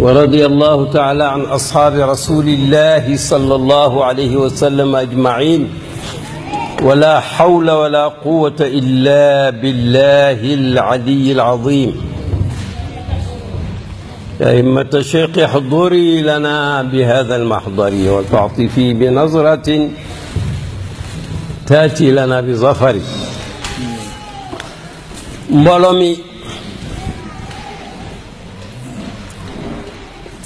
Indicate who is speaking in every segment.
Speaker 1: ورضي الله تعالى عن أصحاب رسول الله صلى الله عليه وسلم أجمعين ولا حول ولا قوة إلا بالله العلي العظيم يا إمة الشيخ حضوري لنا بهذا المحضر وتعطفي بنظرة تأتي لنا بظفر مبالمي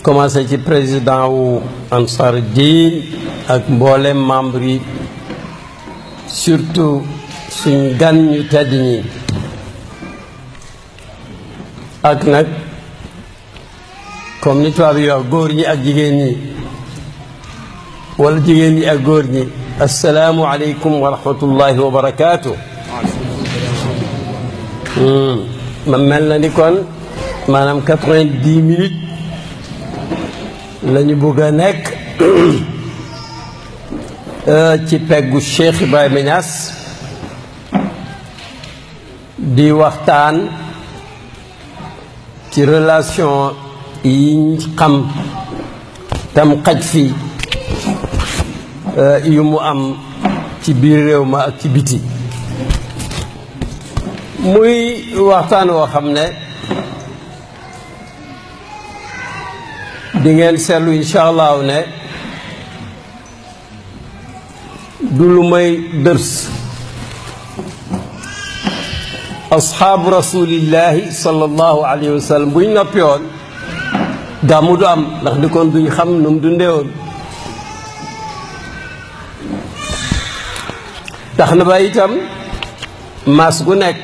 Speaker 1: commencé ci président wu Ansar Diin ak mboolem membre yi surtout suñ gan ñu tedd ak nag comme ni tubaab yi wax góor ñi ak jigéen ñi wala jigéen ñi ak góor ñi asalaamu aleykum wa rahmatullahi wa barakaatu hmm. ma mel na ni kon minutes lañu bëgg a nekk euh, ci peggu Cheikh Ibrahima Niass di waxtaan ci relation yi xam tam xaj fi euh, yu mu am ci biir réew ma ak ci biti muy waxtaan woo xam ne di ngeen seetlu incha ne du lu may dërs asxaabu rasulillahi sallallahu alayhi wa sallam buñ noppi woon gàmmu du am ndax di kon duñ xam nu mu dundee tax na ba itam maas gu nekk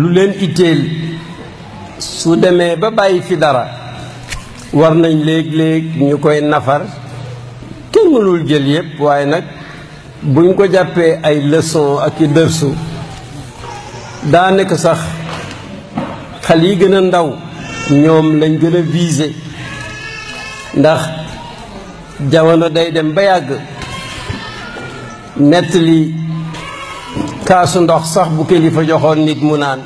Speaker 1: lu leen itteel su demee ba bàyyi fi dara war nañ léeg-léeg ñu koy nafar kenn mënul jël yépp waaye nag buñ ko jàppee ay leçon ak i dërsu daanaka sax xal yi gën a ndaw ñoom lañ gën a visé ndax jamono day dem ba yàgg nettali kaasu ndox sax bu kilifa joxoon nit mu naan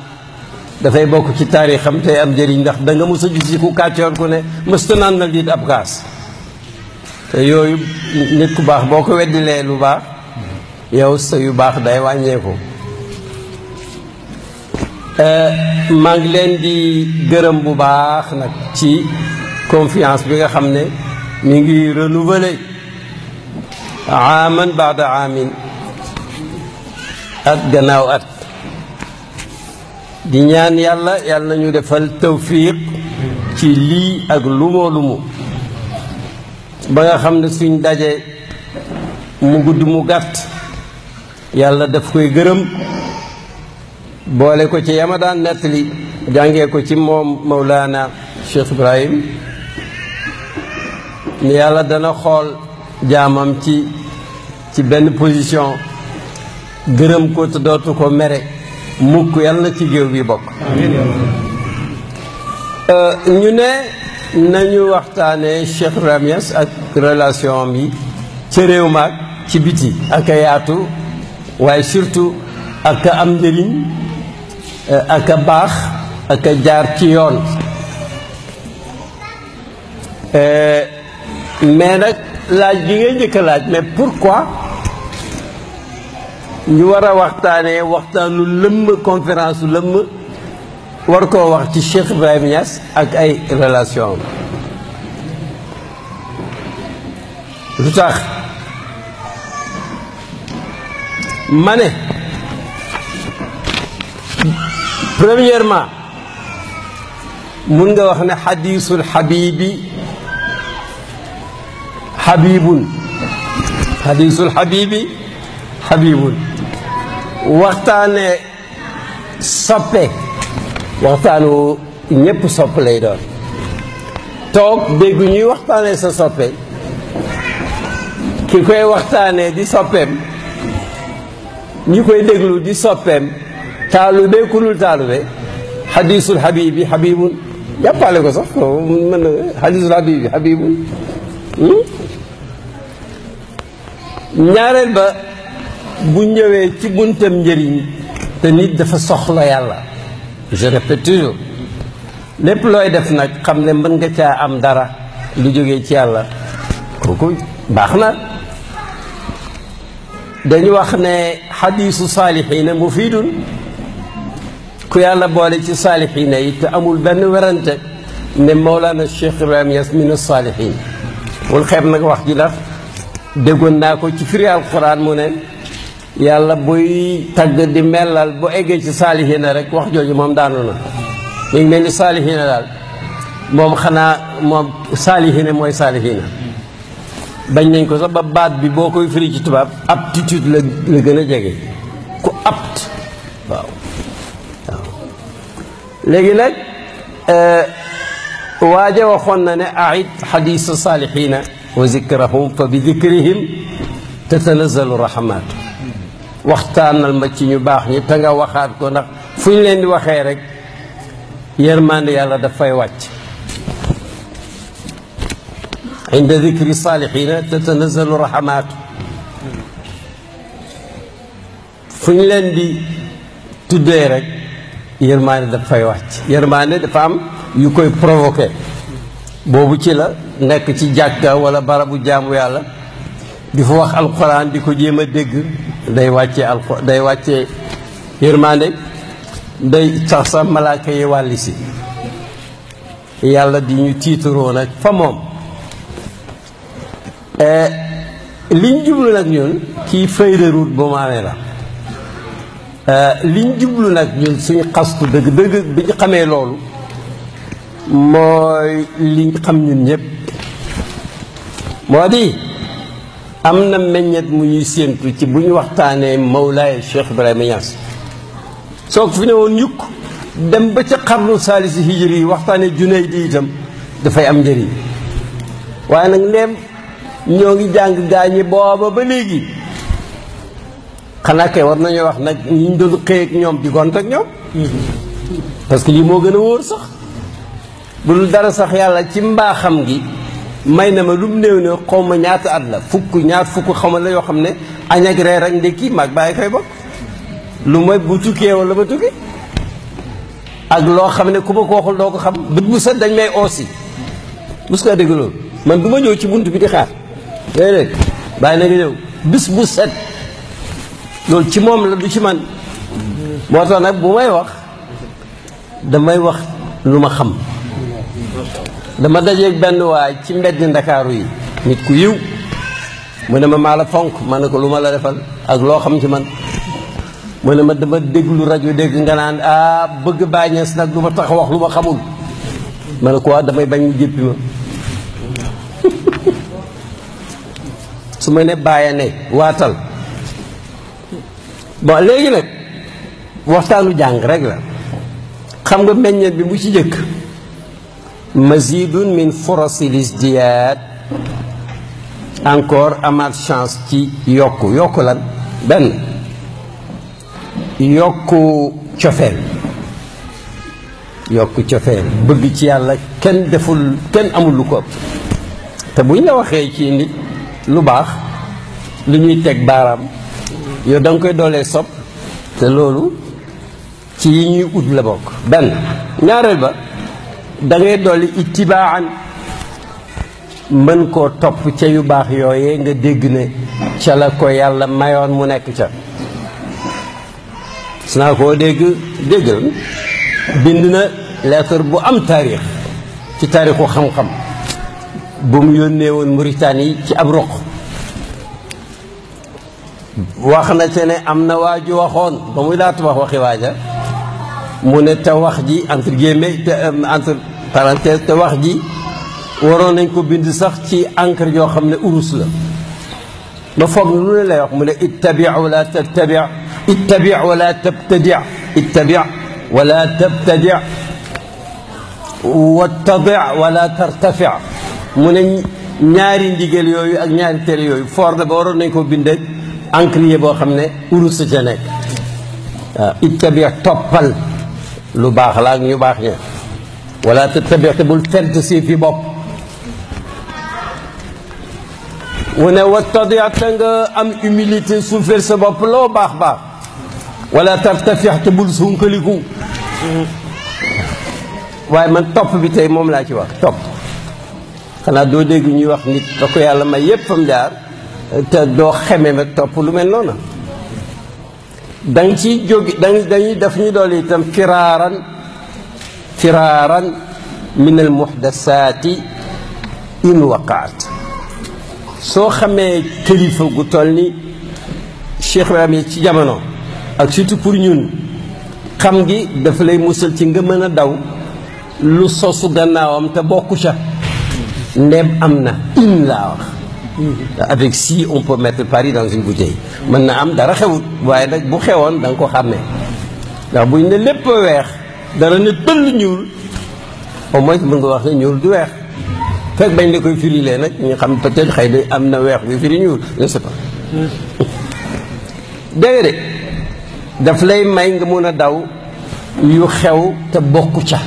Speaker 1: dafay bokk ci xam tey am jëriñ ndax da nga mos a gis ku kàccoor ku ne mësta naan na liit ab kaas te yooyu nit ku baax boo ko weddilee lu baax yow sa yu baax day wàññeeku eh, maa ngi leen di gërëm bu baax nag ci confiance bi nga xam ne mu ngi renouveler aaman baada aamin at gannaaw at di ñaan yàlla yàlla nañu defal tawfiq ci lii ak lumoo lumu ba nga xam ne suñ daje mu gudd mu gàtt yàlla daf koy gërëm boole ko ci yama daan nettali jàngee ko ci moom Mawlaana Cheikh Ibrahim yàlla dana xool jaamam ci ci benn position gërëm ko te dootu ko mere mukk yàlla ci géew bi bokk euh, ñu ne nañu waxtaane Cheikh Ramies ak relation yi ca réew ci biti ak yaatu waaye surtout ak am njëriñ euh, ak a baax ak a jaar ci yoon euh, mais nag laaj bi ngay njëkk a laaj mais pourquoi ñu war a waxtaanee waxtaanu lëmm conférence lëmm war koo wax ci Cheikh Ibrahim Niass ak ay relation lu mane ma premièrement mun nga wax ne xadiisul xabibi xabibun xadiisul xabibi xabibun waxtaane soppe waxtaanu ñépp sopp lay doon toog dégg ñuy waxtaane sa soppe ki koy waxtaane di soppeem ñi koy déglu di soppeem taalube ku dul taalube xadiisul xabiibi xabiibun jàppale ko sax mën na xadiisul xabiibi xabiibun hmm? ñaareel ba bu ñëwee ci buntam njëriñ te nit dafa soxla yàlla je toujours lépp looy def nag xam ne mën nga caa am dara lu jógee ci yàlla kooku baax na dañu wax ne xadiisu saalixiina mufiidun ku yàlla boole ci saalixiina yi te amul benn werante ne Mawlana Cheikh Ibrahim Niass min saalixiin wal nag wax ji ndax déggoon naa ko ci firi alquran mu ne yàlla buy tagg di melal bu eggee ci saalihiina rek wax jooju moom daanu na mi ngi mel ni saalihiina daal moom xanaa moom saalihiina mooy saalihiina bañ nañ ko sax baat bi boo koy firi ci tubaab aptitude la la gën a jege ku apt léegi nag euh, waaje waxoon na ne ahid xadiisa saalihiina wa zikrahum fa bi zikrihim tatanazalu rahmatu waxtaanal ma ci ñu baax ñi te nga waxaat ko ndax fu ñu leen di waxee rek yërmande yàlla dafay wàcc inda dikri saalixiina tatanazalu rahamaatu fu ñu leen di tuddee rek yërmaande dafay wàcc yërmaande dafa am yu koy provoqué boobu ci la nekk ci jàkka wala barabu jaamu yàlla di fa wax alquran di ko jéem a dégg day wàccee alqo day wàccee yërmande day sax sax malaaka yi yàlla di ñu tiitaroo nag fa moom e, liñ jublu nag ñun kii feuille de bu mu amee la e, liñ jublu nag ñun suñu xastu dëgg dëgg bi ñu xamee loolu mooy liñ xam ñun ñëpp moo di am na meññet mu ñuy séentu ci bu ñu waxtaanee Mawlaay Cheikh Ibrahima Niass soo ko fi ne woon yukk dem ba ca xarnu saalisi hijri yi waxtaanee junay di itam dafay am njëriñ waaye nag ndeem ñoo ngi jàng gaañi booba ba léegi xanaa kay war nañoo wax nag ñu doon xëy ñoom di gont ak ñoom parce que lii moo gën a wóor sax bu dul dara sax yàlla ci mbaaxam gi may na ma lu mu néew ne xaw ma ñaata at la fukk ñaat fukk xaw la yoo xam ne añ ak reer ak ndékki maag bàyyi koy bokk lu may bu tukkee wala ma tukki ak loo xam ne ku ma ko waxul doo ko xam bët bu set dañ may oosi mus nga dégg loolu man du ma ñëw ci bunt bi di xaar léegi rek bàyyi na ñëw bis bu set loolu ci moom la du ci man moo tax nag bu may wax damay wax lu ma xam dama dajeeg benn waay ci mbedd ndakaaru yi nit ku yiw mu ne ma maa fonk ma ne ko lu ma la defal ak loo xam ci man mu ne ma dama déglu rajo dégg nga naan a ah, bëgg bàññees nag lu ma tax wax lu ma xamul ma ne ko waa ah, damay bañ mu jéppi ma su ma ne bàyya ne waatal bon léegi nag waxtaanu jàng rek la xam nga meññeen bi mu ci jëkk mazidun min furasil isdiyaad encore amaat chance ci yokku yokku lan benn yokku cofeel yokku cofeel bëgg ci yàlla kenn deful kenn amul lu ko ëpp te buñ la waxee ci nit lu baax lu ñuy teg baaraam yow danga koy doolee sob te loolu ci yi ñuy ut la bokk benn ñaareel ba da ngay dolli itibaan mën koo topp ca yu baax yooyee nga dégg ne ca la ko yàlla mayoon mu nekk ca su naa koo dégg déggal bind na lettre bu am taarix ci taarixu xam-xam bu mu yónnee woon Mauritanie ci ab roq wax na ca ne am na waaju waxoon ba muy laata wax waxi waaja mu ne ta wax ji entre guillemets te euh, entre parenthèse te ji waroon nañ ko bind sax ci encre yoo xam ne urus la ma foog ne lu mu ne ittabi wala tattabi ittabi wala tabtadi ittabi wala tabtadi wattadi wala tartafi mu ne ñaari ndigal yooyu ak ñaari tere yooyu foor na ba waroon nañ ko bind ak encre boo xam ne urus ca nekk waaw ittabi toppal lu baax laa ak ñu baax ña wala tattabi' te bul fent si fi bopp mu ne wattadi' te nga am humilité suufeel sa bopp loo baax baax wala tartafi' te bul sunkaliku waaye man topp bi tey moom laa ci wax topp xanaa doo dégg ñuy wax nit da ko yàlla may yëpp fam jaar te doo xeme nag topp lu mel noonu danga ci jógi dañuy daf ñu dool itam firaaran firaaran min al muhdasaati in waqaat soo xamee kilifa gu toll ni Cheikh Ibrahim ci jamono ak surtout pour ñun xam gi dafa lay musal ci nga mën a daw lu sosu gannaawam te bokku ca ndeem am na in laa wax avec si on peut mettre Paris dans une bouteille. mën na am dara xewut waaye nag bu xewoon danga nga ko xàmmee ndax buñ ne lépp weex dara ne pël ñuul au moins mën nga wax ne ñuul du weex fekk bañ la koy firilee nag ñu xam peut-être xëy na am na weex bi firi ñuul je de daf lay may nga mun a daw yu xew te bokk ca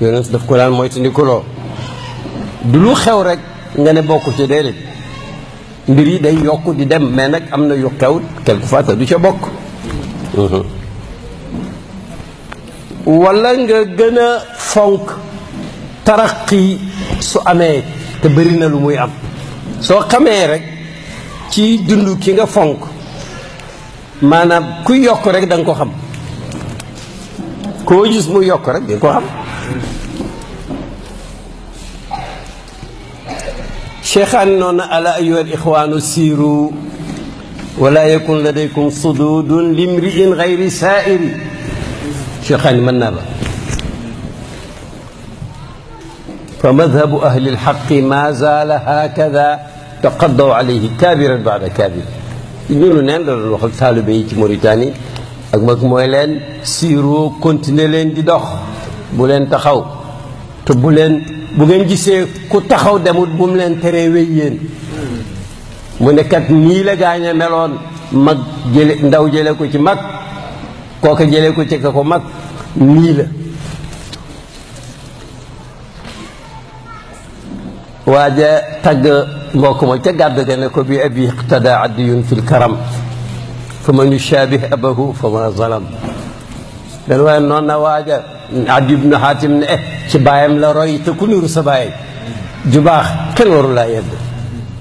Speaker 1: yonent daf ko daan moytandikuloo du lu xew rek. nga ne bokk ci déedéet mbir yi day yokk di dem mais nag am na yu xew quelquefois te du ca bokk mhm. wala nga gën a fonk taraqi su amee te bëri na lu muy am soo xamee rek ci dund ki nga fonk maanaam ku yokk rek danga ko xam koo gis mu yokk rek di ko xam sheekhaani noon ala ayyuha al-ixwaanu siiru wala yakun ladaykum sududun limriin gayri saairi sheekhaani mën naa la fa madhabu ahli lxaqi ma zaala hakada taqaddaw alayhi kaabiran baada kaabir ñunu neen la doon waxal taalibe yi ci Mauritanie ak mag mooy leen siiroo continuer leen di dox bu leen taxaw te bu leen bu ngeen gisee ku taxaw demut bu leen tere wéy mu ne kat nii la gaañe meloon mag jële ndaw jële ko ci mag kooka jële ko ci ka ko mag nii la waaja tagg mbokk ma ca gàdd ga ne ko bi abi iqtada addiyun fi lkaram fa man yushaabih abahu fa ma zalam dan waaye noon Adi ibn Hatim ne eh ci baayam la roy te ku niru sa baay ju baax kenn waru yedd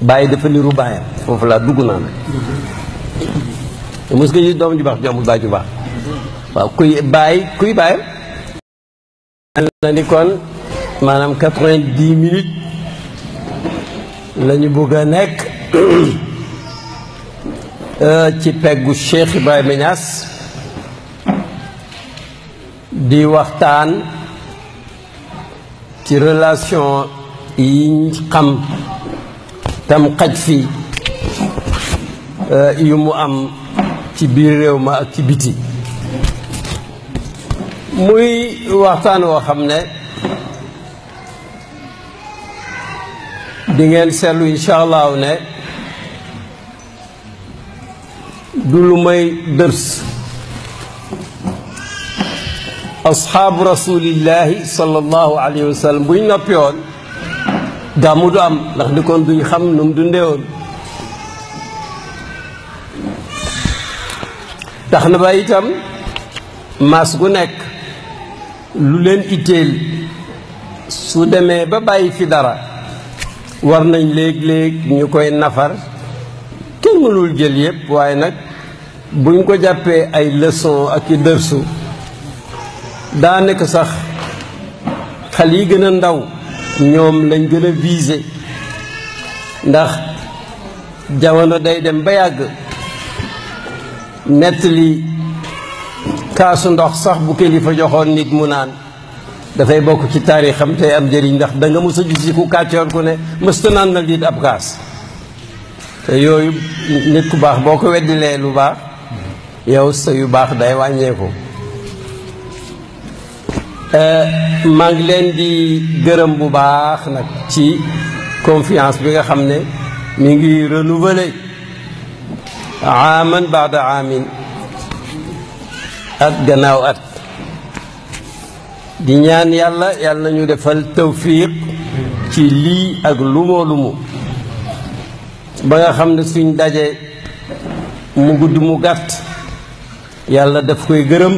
Speaker 1: baay dafa niru baayam foofu laa dugg naa nag mos nga gis doom ju baay ju waaw kuy baay kuy baayam la ni kon maanaam quatre-vingt-dix minutes la bëgg a nekk euh, ci peggu Cheikh Ibrahima Niass di waxtaan ci relation yi xam tam xaj fi euh, yu mu am ci biir réew ma ak ci biti muy waxtaan woo xam ne dingeen ngeen seetlu ne du lu may dërs asxaabu rasulillahi sallallahu alayhi wa sallam buñ noppi woon gàmmu du am ndax di kon duñ xam nu mu dundee tax na ba itam maas gu nekk lu leen itteel su demee ba bàyyi fi dara war nañ léeg-léeg ñu koy nafar kenn mënul jël yépp waaye nag buñ ko jàppee ay leçon ak i dërsu daa nekk sax xal yi gën a ndaw ñoom lañ gën a visé ndax jamono day dem ba yàgg nettali kaasu ndox sax bu kilifa joxoon nit mu naan dafay bokk ci taarixam tey am njëriñ ndax da nga mës a gis ku kàccoor ku ne mësta naan na nit ab kaas te yooyu nit ku baax boo ko weddilee lu baax yow sa yu baax day wàññeeku Euh, maa leen di gërëm bu baax nag ci confiance bi nga xam ne mu ngi renouveler aaman baada aamin at gannaaw at di ñaan yàlla yàlla nañu defal tawfiq ci lii ak lumoo lumu ba nga xam ne suñ daje mu gudd mu gàtt yàlla daf koy gërëm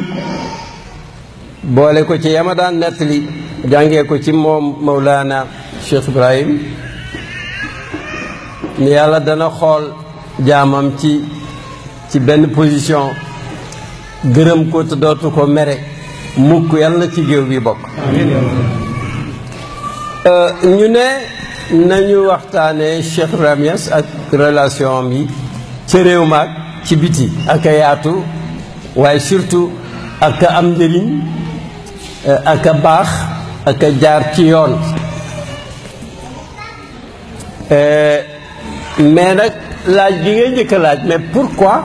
Speaker 1: boole ko ci yama daan nettali jànge ko ci moom Mawlaana Cheikh Ibrahim ni yàlla dana xool jaamam ci ci benn position gërëm ko te dootu ko mere mukk yàlla ci géew bi bokk euh, ñu ne nañu waxtaanee Cheikh Ibrahim ak relation am yi ci réew maag ci biti ak yaatu waaye surtout ak a am njëriñ Eh, ak a baax ak a jaar ci yoon eh, mais nag laaj bi ngay njëkk a laaj mais pourquoi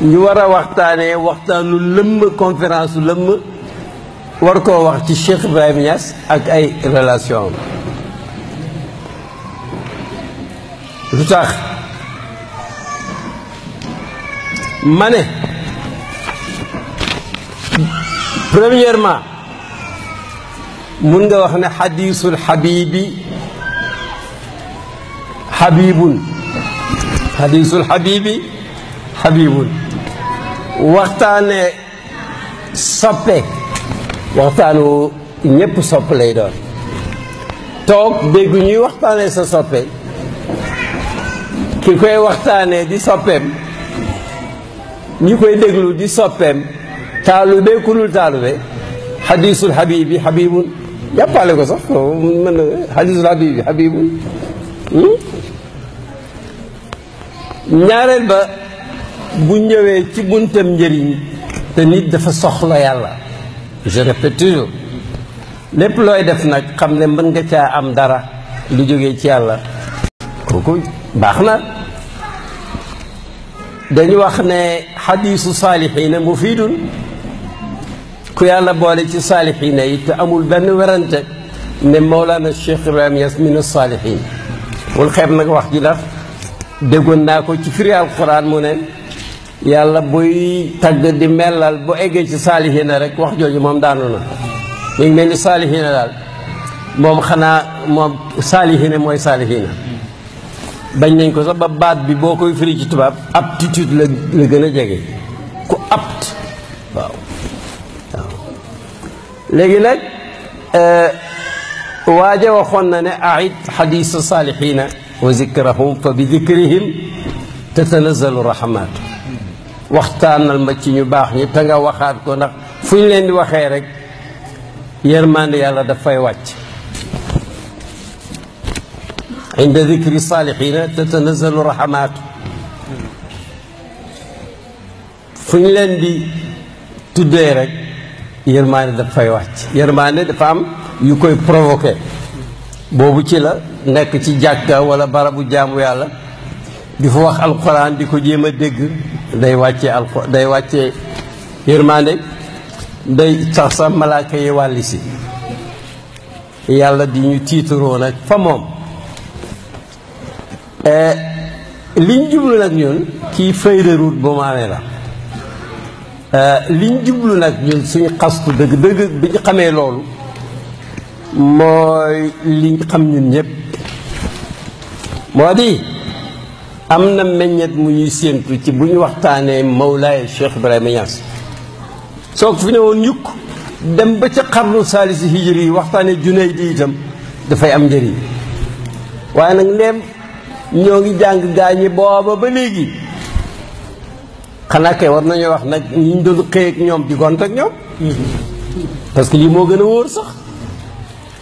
Speaker 1: ñu war a waxtaanee waxtaanu lëmm conférence lëmm war koo wax ci Cheikh Ibrahima ak ay relation lu tax ma premièrement mun nga wax ne xadiisul xabiibi xabiibun xadiisul xabiibi xabiibun waxtaane soppe waxtaanu ñépp sopp lay doon toog dégg ñuy waxtaane sa soppe ki koy waxtaane di soppeem ñi koy déglu di soppeem taalube ku dul taalube xadiisul xabiib yi xabiibun yàppaale ko sax mën na xadiisul xabiib yi hmm? ñaareel ba bu ñëwee ci guntam njëriñ te nit dafa soxla yàlla je toujours lépp looy def nag xam ne mën nga caa am dara lu jógee ci yàlla kooku baax na dañu wax ne xadiisu saalixiina mufiidun ku yàlla boole ci saalixiina yi te amul benn werante ne Mawlana Cheikh Ibrahim Niass minu saalixiin wul xeeb nag wax ji ndax déggoon naa ko ci firi alquran mu ne yàlla buy tagg di melal bu eggee ci saalixiina rek wax jooju moom daanu na mi ngi mel ni saalixiina daal moom xanaa moom saalixiina mooy saalixiina bañ nañ ko sax ba baat bi boo koy firi ci tubaab aptitude la la gën a jege léegi nag euh, waaja waxoon na ne aid xadiisa saalixiina wa zikrahum fa bi zikrihim tatanazalu rahmatu waxtaanal ma ci ñu baax ñi te nga waxaat ko ndax fu ñu leen di waxee rek yërmande yàlla dafay wàcc inda dikri saalixiina tatanazalu rahmatu fu ñu leen di tuddee rek yërmaane daf fay wàcc yërmaane dafa am yu koy provoqué boobu ci la nekk ci jàkka wala barabu jaamu yàlla di fa wax alxuraan di ko jéem a dégg day wàccee alxu day wàcce yërmaande day sax sax malaaka yi wàlli yàlla di ñu tiitaroo nag fa moom eh, liñ jublu nag ñun kii feuille bu mu amee la Euh, liñ jublu nag ñun suñu xastu dëgg dëgg bi ñu xamee loolu mooy liñ xam ñun ñëpp moo di am na meññet mu ñuy séentu ci bu ñu waxtaanee Mawlaay Cheikh Ibrahima Niass soo ko fi ne woon yukk dem ba ca xarnu saalisi hijri yi waxtaanee junay di itam dafay am njëriñ waaye nag ndeem ñoo ngi jàng gaañi booba ba léegi xanaa kay war nañoo wax nag ñu ñu doon xëy ñoom di gont ak ñoom parce que lii moo gën a wóor sax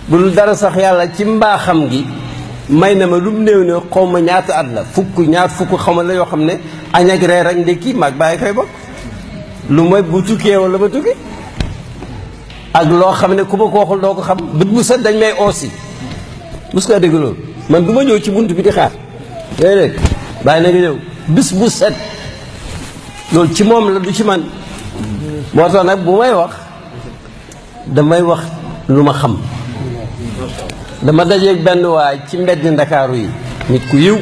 Speaker 1: bu dul dara sax yàlla ci mbaaxam gi may na ma lu mu néew ne xaw ma ñaata at la fukk ñaar fukk xaw ma la yoo xam ne añ ak reer ak ndékki mag bàyyi koy bokk lu mooy bu tukkee wala ma tukki ak loo xam ne ku ma ko waxul doo ko xam bët bu set dañ may oosi mus nga dégg loolu man du ma ñëw ci bunt bi di xaar déedéet bàyyi na nga ñëw bis bu set loolu ci moom la du ci man moo tax nag bu may wax damay wax lu ma xam dama dajeeg benn waay ci mbedd ndakaaru yi nit ku yiw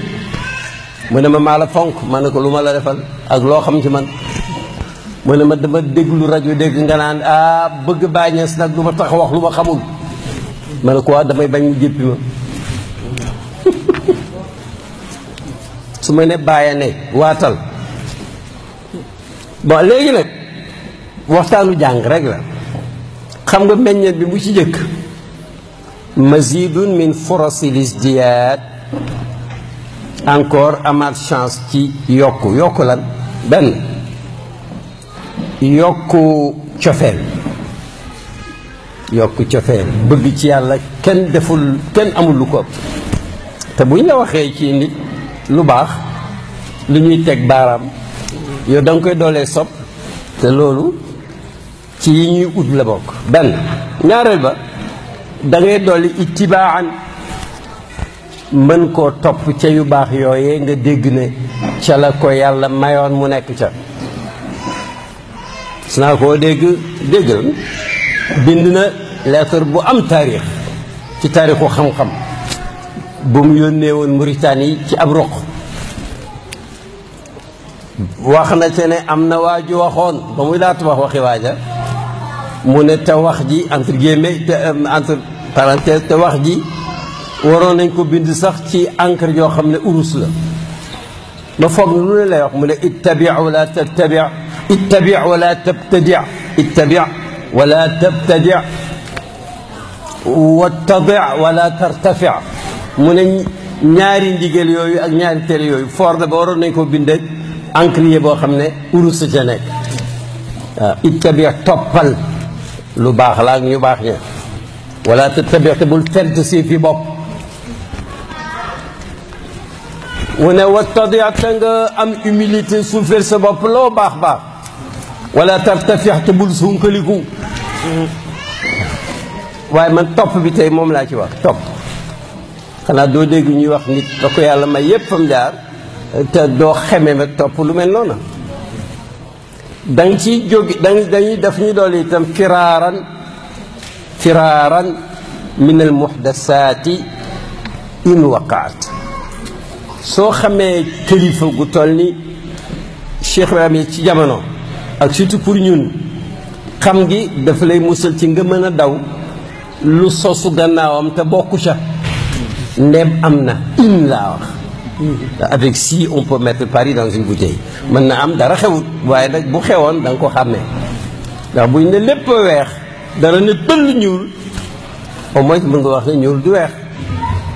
Speaker 1: mu ne ma maa la fonk ma ne ko lu ma la defal ak loo xam ci man mu ne ma dama déglu rajo dégg nga naan a ah, bëgg bàññees nag lu ma tax wax lu ma xamul ma ne ko waa ah, damay bañ jéppi ma su ma ne bàyyi ne waatal bon léegi nag waxtaanu jàng rek la xam nga meññeet bi bu ci jëkk mazidun min forosilis isdiyaad encore amaat chance ci yokk yokku lan benn yokk cofeel yokk cofeel bëgg ci yàlla kenn deful kenn amul lu ko ëpp te buñ la waxee ci nit lu baax lu ñuy teg baaraam yow danga koy doolee sob te loolu ci yi ñuy ut la bokk benn ñaareel ba dangay ngay dolli itibaan mën koo topp ca yu baax yooyee nga dégg ne ca la ko yàlla mayoon mu nekk ca su naa koo dégg déggal bind na lettre bu am taarix ci taarixu xam-xam bu mu yónnee woon Mauritanie ci ab roq wax na ci ne am na waa ju waxoon ba muy laatu wax waxi waaja mu ne ta wax ji entre guillemets euh, entre parenthèse te wax ji waroon nañ ko bind sax ci encre joo xam ne urus la ma foog lu ne lay wax mu ne ittabi wala tattabi ittabi wala tabtadi ittabi wala tabtadi mu ne ñaari ndigal yooyu ak ñaari tere yooyu foor na ba waroon nañ ko bind encrier boo xam ne urus ca nekk waaw ittabi toppal lu baax laa ak ñu baax ña wala tattabi te bul fent si fi bopp mu ne wattadi te nga am humilité suufeel sa bopp loo baax baax wala tartafix te bul sunkaliku waaye man topp bi tey moom laa ci wax topp xanaa doo dégg ñuy wax nit da ko yàlla may yépp fam jaar te doo xeme ba topp lu mel noonu da ci ciy jóg dañuy daf ñu dool itam firaaran firaaran min al muhdasaati in waqaat soo xamee kilifa gu toll ni Cheikh yi ci jamono ak surtout pour ñun xam gi dafa lay musal ci nga mën a daw lu sosu gannaawam te bokku ca ndeem am na in laa wax avec si on peut mettre Paris dans une bouteille. mën na am dara xewut waaye nag bu xewoon da nga ko xàmmee ndax buñ ne lépp weex dara ne tëll ñuul au moins mën nga wax ne ñuul du weex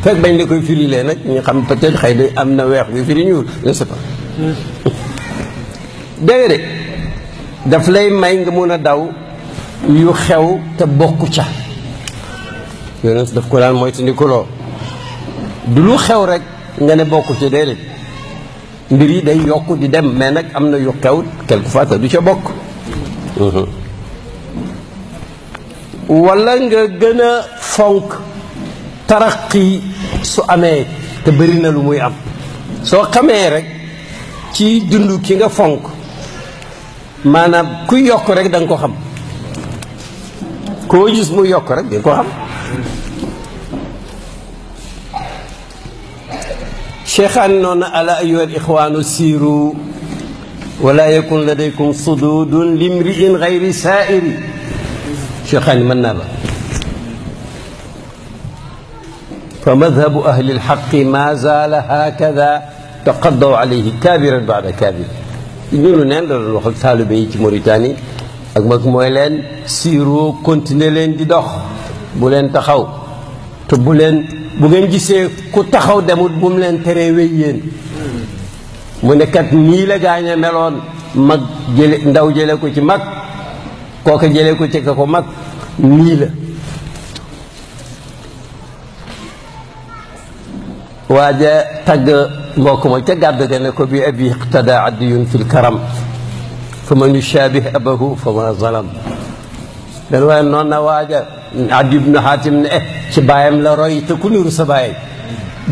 Speaker 1: fekk bañ la koy firilee nag ñu xam peut-être xëy na am na weex bi firi ñuul je ne sais hmm. dégg de daf lay may nga mun a daw yu xew te bokk ca yonent daf ko daan moytandikuloo du lu xew rek. nga ne bokk ci déedéet mbir yi day yokk di dem mais nag am na yu xew quelquefois te du ca bokk mhm. wala nga gën a fonk taraqi su amee te bëri na lu muy am soo xamee rek ci dund ki nga fonk maanaam kuy yokk rek danga ko xam koo gis mu yokk rek da nga ko xam sheekhaan noona ala ayyuhal ixwaanu siiru wala yakun ladaykum sududun limriin gayri saairi sheekhaan mën naa ba fa madhabu ahli lxaqi ma zaala hakada taqaddaw alayhi kaabiran baada kaabir ñunu neen la doon waxal taalibe yi ci Mauritanie ak mag mooy leen siiru continuer leen di dox bu leen taxaw te bu leen bu ngeen gisee ku taxaw demut bu leen teree wéy mu ne kat nii la gaañe meloon mag ndaw jële ko ci mag kooka jële ko ci ka ko mag nii la waaja tagg mbokk ma ca gàdd ga ne ko bi abi iqtada addiyun fi lkaram fa man yushaabih abahu fa ma zalam dana waaye noon na waaja Adi ibn Hatim ne eh ci baayam la roy te ku niru sa baay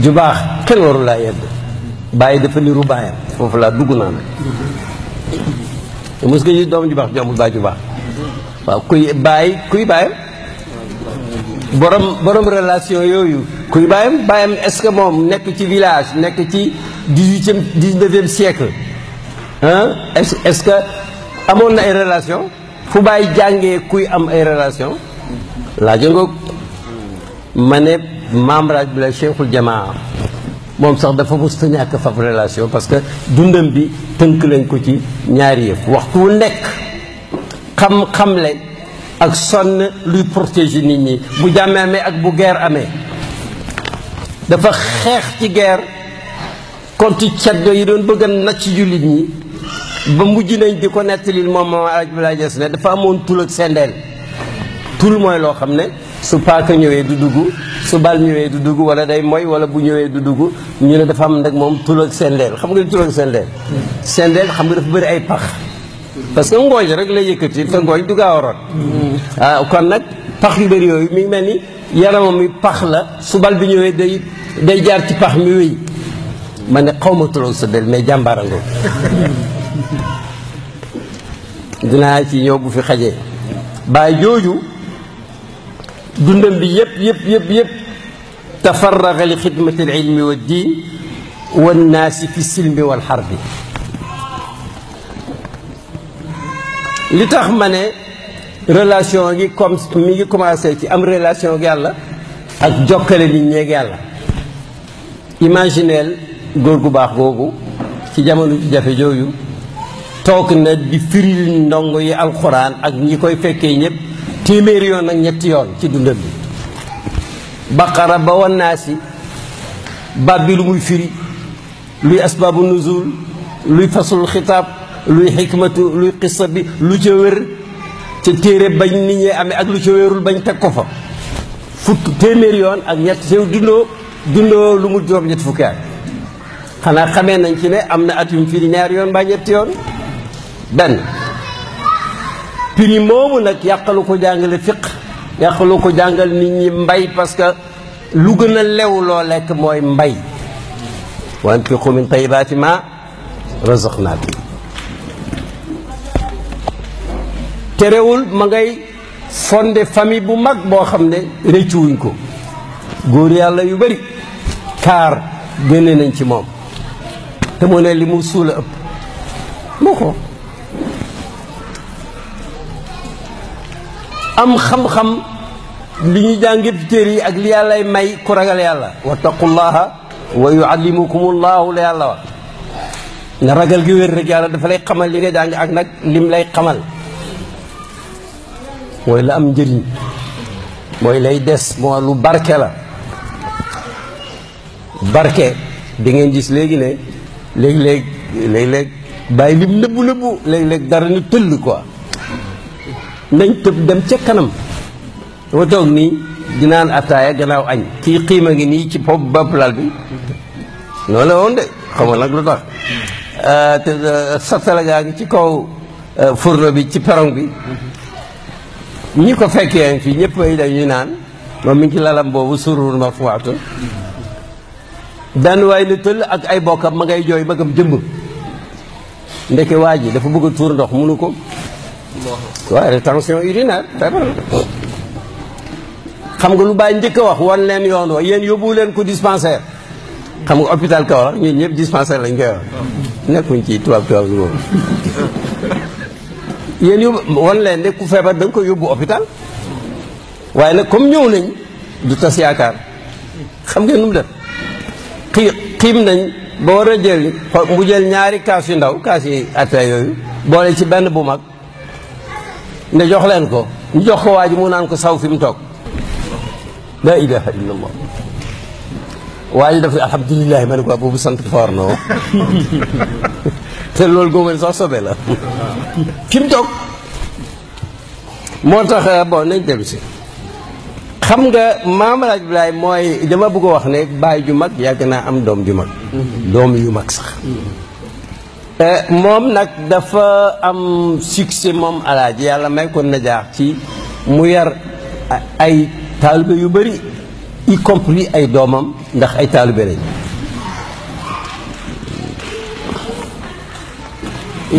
Speaker 1: ju baax kenn waru laa yedd bàyyi dafa niru baayam foofu laa dugg naa nag mos nga gis doom ju baax ju amul ju baax waaw kuy baay kuy baayam borom borom relation yooyu kuy baayam baayam est-ce que moom nekk ci village nekk ci dix-huitième dix-neuvième siècle est-ce que amoon na ay relation fu bàyyi jàngee kuy am ay relation laa ngoog ma ne membre bi la cheikhul jamaa moom sax dafa mës ta ñàkk fab relation parce que dundam bi tënk lañ ko ci ñaari yëf waxtu wu nekk xam-xamle ak sonn luy protéger nit ñi bu jàmm amee ak bu guerre amee dafa xeex ci guerre contre ceddo yi doon bëgg a nacc jullit ñi ba mujj nañ di ko nettalil moom moom alaaj Abdoulaye Niass ne dafa amoon tul ak sendeel tul mooy loo xam ne su paaka ñëwee du dugg su bal ñëwee du dugg wala day moy wala bu ñëwee du dugg ñu ne dafa am nag moom tul ak sendeel xam nga tul ak sendeel sendeel xam nga dafa bëri ay pax parce que ngooñ rek la yëkkati te ngooñ du gaaw a ah, kon nag pax yu bëri yooyu mi ngi mel ni yaramam mi pax la su bal bi ñëwee day day jaar ci pax mi wéy ma ne xaw ma tuloog sa del mais jàmbaarangoo dinaa ci ñëw bu fi xaje baay jooju dundam bi yépp yépp yépp yépp tafarraga li xidmati al ilmi wa diin wa naasi fi silmi wal xarbi li tax ma ne relation gi comme mi ngi commencé ci am relation ak yàlla ak jokkale nit yéeg yàlla imagineel góor gu baax googu ci jamono jafe jooju toog na di firil ndongo yi alxuraan ak ñi koy fekkee ñëpp téeméeri yoon ak ñetti yoon ci dundam bi baqara ba wannaasi baat bi lu muy firi luy asbaabu nuzul luy fasul xitaab luy xikmatu luy xissa bi lu ca wér ca téere bañ nit ñee amee ak lu ca wérul bañ teg ko fa fukk téeméeri yoon ak ñett sew dundo dundoo lu mu juróom ñetti fukki at xanaa xamee nañ ci ne am na at yum firi ñaari yoon mbaa ñetti yoon benn prix moomu nag yàqalu ko jàngale fiq yàqalu ko jàngal nit ñi mbay parce que lu gën a lew loo lekk mooy mbay wa anfiqu min tayibaati ma razaqnaakum terewul ma ngay fonde famille bu mag boo xam ne rëccuwuñ ko góor yàlla yu bari kaar génne nañ ci moom te mu ne li mu suula ëpp moo ko am xam-xam li ñu jàngee ci yi ak li yàllay may ku ragal yàlla wattaqullaha wa yuallimukumullahu la yàlla wax nga ragal gi wér rek yàlla dafa lay xamal li nga jàng ak nag lim lay xamal mooy la am njëriñ mooy lay des moo lu barke la barke di ngeen gis léegi ne léeg-léeg léeg-léeg bàyyi lim nëbbu nëbbu léeg-léeg dara ni tëll quoi nañ tëb dem ca kanam dafa toog nii di naan attaaya gannaaw añ kii xiima ngi nii ci bopp bopp lal bi loolu la woon de xam nga nag lu tax euh, te euh, satala gaa ngi ci kaw euh, furno bi ci perron bi ñi ko fekkee fii ñëpp ay dañuy naan moom mi ci lalam boobu surur marfuatu daan waay lu tëll ak ay bokkam ma ngay jooy magam jëmb ndeke waa ji dafa bugg a tuur ndox munu ko waaw rétention urinaire feebar xam nga lu bàyyi njëkk wax wan leen yoon yéen yóbbu leen ko dispensaire xam nga hôpital Kaolack ñun ñëpp lañ koy wax nekkuñ ci tubaab tubaab lu boobu yéen yóbbu ku feebar da nga ko yóbbu hôpital waaye nag comme ñëw nañ du tas yaakaar xam ngeen nu mu def xii xiim nañ ba war a jël mu jël ñaari kaas yu ndaw kaas yi atta yooyu boole ci benn bu mag ne jox leen ko ñu jox ko waa ji mu naan ko saw fi mu toog laa ilaha illa allah waa dafa alhamdulilahi ma ne ko boobu sant foor na te loolu góob ne sax sobe la fi mu toog moo tax euh, bon nañ dem xam nga maam El Hadj mooy dama bëgg a wax ne baay ju mag yàgg naa am doom ju mag mm-hmm. doom yu mag sax mm-hmm. Eh, moom nag dafa am succès moom alaaji yàlla may ko najaax ci mu yar ay taalibe yu bari y compris ay doomam ndax ay taalibe lañ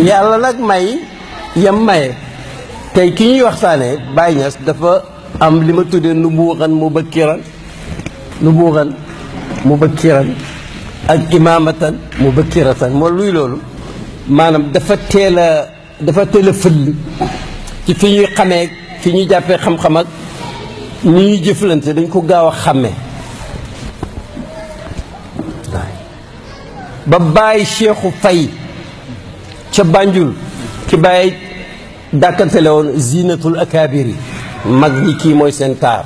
Speaker 1: yàlla nag may yam maye tey ki ñuy waxtaanee Baye Niass dafa am li ma tuddee nu buuxan mu bëkkiran nu mu bëkkiran ak imaamatan mu moo luy loolu maanaam dafa teel dafa teel a fëll ci fi ñuy xamee fi ñuy jàppee xam-xam ak ni ñuy jëflante dañ ko gaaw a xàmme ba bàyyi Cheikhou Faye ca Banjul ki bàyyi dàkkantele woon zinatul akabiri mag ñi kii mooy seen taar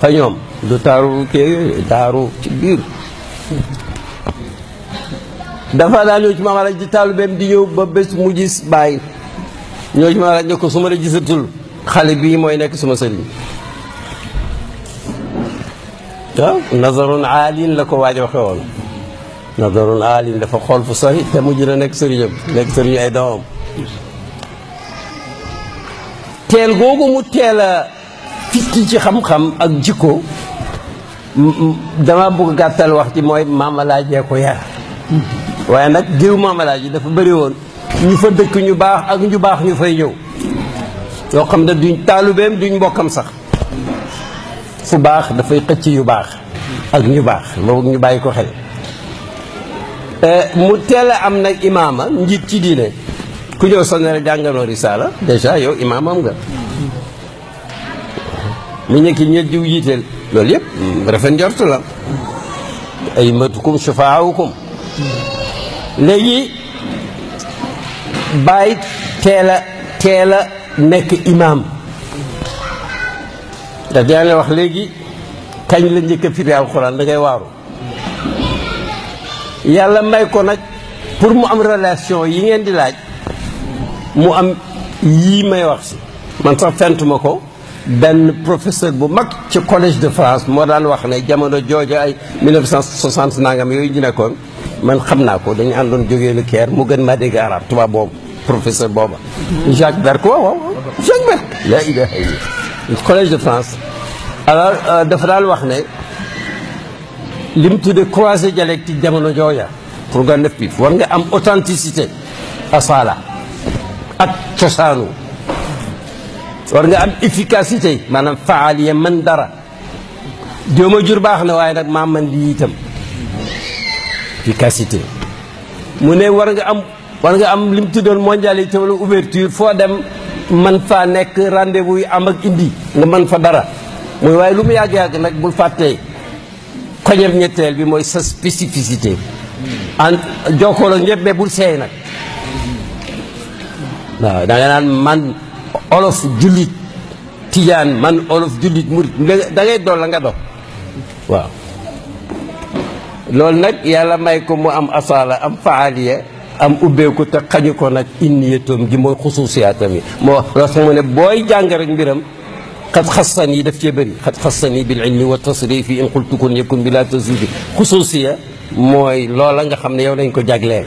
Speaker 1: fa ñoom du taaru kii taaru ci biir dafa daa ñëw ci maam alaaj di taalibeem di ñëw ba bés mu gis bàyyi ñëw ci maam alaaj ne ko su ma la xale bii mooy nekk suma sëriñ waaw nazarun aalin la ko waaj waxe woon nazarun aalin dafa xool fu sori te mujj na nekk sëriñam nekk sëriñu ay doomam teel googu mu teel a ci xam-xam ak jikko dama bëgg gàttal wax ci mooy maam alaajee ko yar waaye nag géew yi dafa bëri woon ñu fa dëkk ñu baax ak ñu baax ñu fay ñëw yoo xam ne duñ taalubeem duñ mbokkam sax fu baax dafay xëcc yu baax ak ñu baax loolu ñu bàyyi ko xel eh, mu teel am nag imaama njiit ci diine ku ñëw sonere jànganoo risaala dèjà yow imaamam nga mu nekk ñet diw yiiteel loolu yëpp rafet njort la ay matukum sufaawukum léegi bàyyi teel a teel a nekk imaam ndax yaa ngi wax léegi kañ la njëkk a firi alxuraan da waaru yàlla may ko nag pour mu am relation yi ngeen di laaj mu am yii may wax si man sax fentuma ko benn professeur bu mag ci collège de France moo daan wax ne jamono jooju ay 1960 nangam yooyu ñu nekkoon man xam naa ko dañu àndoon jógee lu keer mu gën maa dégg arab tubaab boobu professeur booba Jacques Berc waaw waaw Jacques Berc laa ilaha illallah collège de France alors euh, dafa daal wax ne li mu tuddee croisée dialectique jamono jooya pour nga def bi nga am authenticité asala ak cosaanu war nga am efficacité maanaam faaliya man dara jooma jur baax na waaye nag maam man lii itam efficacité mu ne war nga am war nga am li mu tuddoon mondialité wala ouverture foo dem man faa nekk rendez-vous am ak indi nga man fa dara mooy waaye lu mu yàgg-yàgg nag bul fàttee koñeb ñetteel bi mooy sa spécificité en jokkool ak ñëpp bul seey nag waaw da nga naan man olof jullit tijaan man olof jullit murit da la nga dox waaw loolu nag yàlla may ko mu am asaala am faaliya am ubbeeku te xañu ko nag inniyatoom ji mooy xusuusiyaatam yi moo wax mu ne booy jàng rek mbiram xat xassan yi daf cee bëri xat xassan yi bil ilmi wa tasrifi in qultu kun yakun bila tasrifi xusuusiya mooy loola nga xam ne yow lañ ko jagleel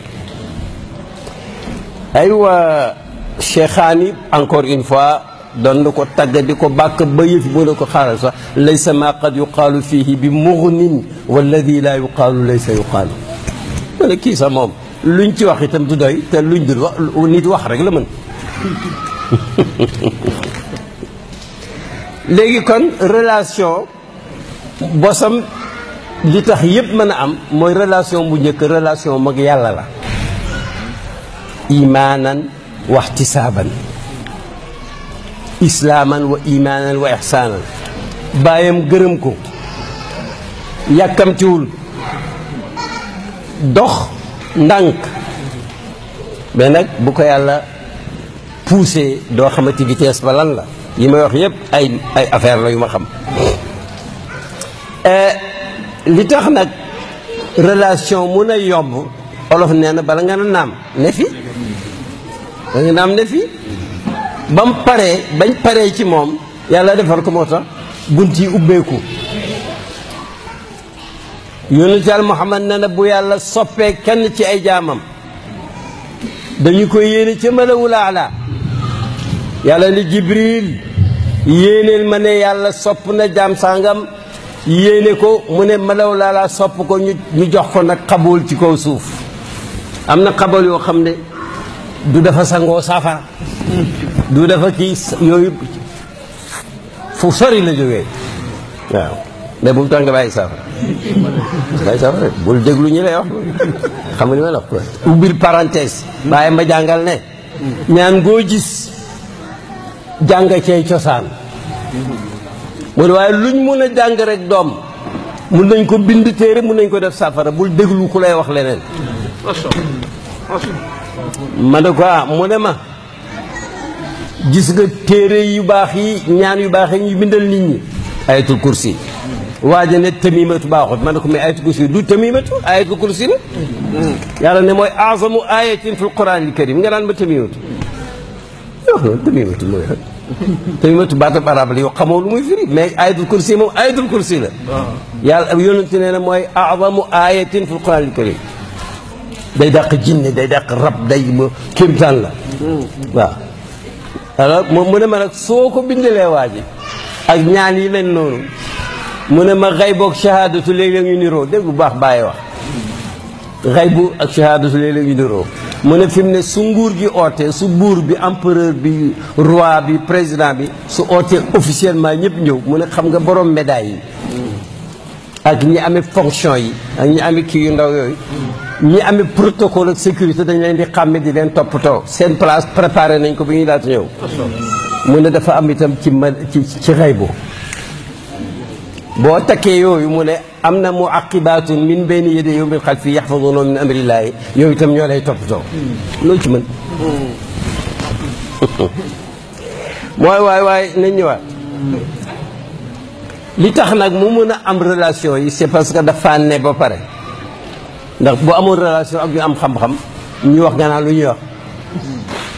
Speaker 1: aywa cheikhaani encore une fois don na ko tagg di ko bàkk ba yëf boo la ko xaaral sax laysa ma qad yuqaalu fiihi bi mugnin walladi laa yuqaalu laysa yuqaalu mu ne kii sax moom luñ ci wax itam du doy te luñ dul wax nit wax rek la man léegi kon relation bosam li tax yëpp mën a am mooy relation bu njëkk relation mag yàlla la imaanan waxtisaaban islaaman wa imaanan wa ihsaanan baayam gërëm ko yàkkamtiwul dox ndànk mais nag bu ko yàlla poussé doo xamante vitesse ba lan la yi may wax yépp ay ay affaire la yu ma xam euh, li tax nag relation mun a yomb olof nee na bala nga a naam ne fi nga naam ne ba mu paree bañ paree ci moom yàlla defal ko moo tax bunt yi ubbeeku yonent yàlla Muhammad ne na bu yàlla soppee kenn ci ay jaamam dañu koy yéene ci malawul yàlla ni Jibril yéeneel ma ne yàlla sopp na jaam sàngam yéene ko mu ne malaw laalaa sopp ko ñu ñu jox ko nag xabul ci kaw suuf am na xabal yoo xam ne du dafa sangoo saafara du dafa kii yooyu fu sori la jógee waaw mais bul tax nga bàyyi saafara bul déglu ñu lay wax nga li ma la wax ubbil ma jàngal ne ñaan ngoo gis jàng cee cosaan mu ne waaye luñ mun a jàng rek doom mun nañ ko bind téere mun nañ ko def saafara bul déglu ku lay wax leneen ma ko ah mu ma gis nga téere yu baax yi ñaan yu baax yi ñuy bindal ni ñi ayatul kursi waaja ne tamimatu baaxut ma ne ko mais ayatul kursi du tamimatu ayatul kursi yàlla ne mooy azamu ayatin fil quran al karim nga ma tamimatu yo tamimatu mooy tamimatu baatab arab lu muy firi mais ayatul kursi moom ayatul kursi la yàlla yonente nee na mooy azamu ayatin fil quran al day dàq jinne day dàq rab day ba kéemtaan la waaw alors moom mu ne ma nag soo ko bindalee waa ji ak ñaan yi leen noonu mu ne ma xay boog shahadatu léeg-léeg ñu niroo dégg bu baax bàyyi wax xay bu ak shahadatu léeg-léeg ñu niroo mu ne fi mu ne su nguur gi ootee su buur bi empereur bi roi bi président bi su ootee officiellement ñëpp ñëw mu ne xam nga borom médaille yi ak ñi amee fonction yi ak ñi amee kii yu ndaw yooyu ñi amee protocole ak sécurité dañ leen di xàmme di leen toppatoo seen place préparé nañ ko bu ñuy laata ñëw mu ne dafa am itam ci ma ci ci xëy bu boo takkee yooyu mu ne am na mu aqibaatun min bayni yadi yow min xalfi yaxfadunahu min amrillaahi yow tam ñoo lay toppatoo loolu ci mën mooy waay waay nañ ñëwaat li tax nag mu mën a am relation yi c'est parce que dafa ne ba pare ndax bu amoon relation ak ñu am xam-xam ñu wax nga naan lu ñuy wax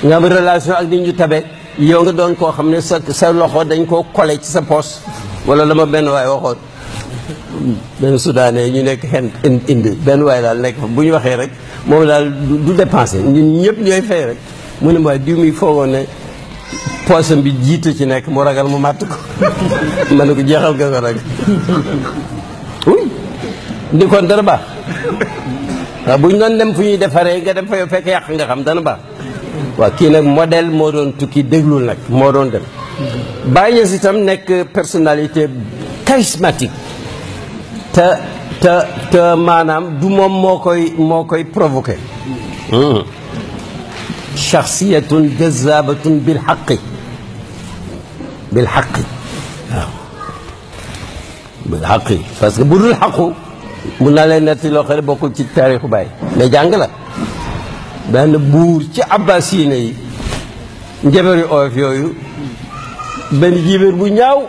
Speaker 1: nga am relation ak nit ñu tabe yow nga doon koo xam ne sa sa loxo dañ koo collé ci sa poche wala la ma benn waay waxoon benn soudanais ñu nekk xen indi benn waay daal nekk fa bu ñu waxee rek moom daal du dépensé ñun ñëpp ñooy fay rek mu ne ma diw mi foogoon ne poosam bi jiit ci nekk mu ragal mu màtt ko ma ne ko jeexal nga ko rek oui ndi kon dana baax waaw bu ñu doon dem fu ñuy defaree nga dem fa yow fekk yàq nga xam dana baax waa kii nag modèle moo doon tukki déglul nag moo doon dem Baye Niass itam nekk personalité charismatique te te maanaam du moom moo koy moo koy provoqué hmm. shaxsiyatun jazzabatun bil xaqi bil xaqi parce que bu dul xaqu mun naa leen netti loo xam ne ci taarixu Baay mais jàng la benn buur ci abbasine yi njabar yu oof yooyu benn jiibéer bu ñaaw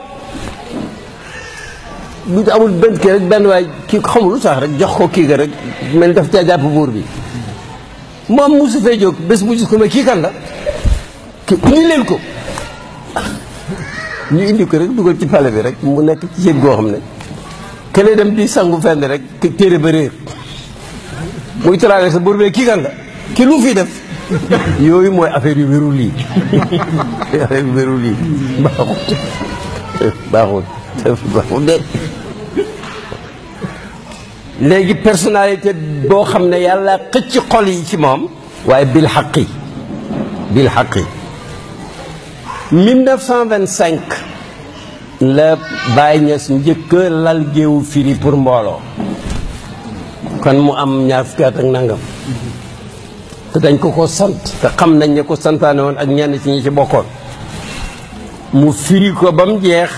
Speaker 1: bu amul benn kii rek benn waay kii xamul sax rek jox ko kii ga rek mel daf caa jàpp buur bi moom mosu fee jóg bés mu gis ko ma kii kan la ki uñu leen ko ñu indi ko dugal ci pale bi rek mu nekk ci ceeb goo xam ne kële dem di sangu fenn rek téere ba réer muy traversé buur bee kii kan la ki lu fi def yooyu mooy affaire yu wérul yi affaire yu wérul yi baaxul léegi personnalité boo xam ne yàlla xëcc xol yi ci moom waaye bil xaqi bil xaqi 1925 la Baye Niass njëkk lal géewu firi pour mbooloo kon mu am ñaar fukki at ak nangam te dañ ko ko sant te xam nañ ne ko santaane woon ak ñenn ci ñi ci bokkoon mu firi ko ba mu jeex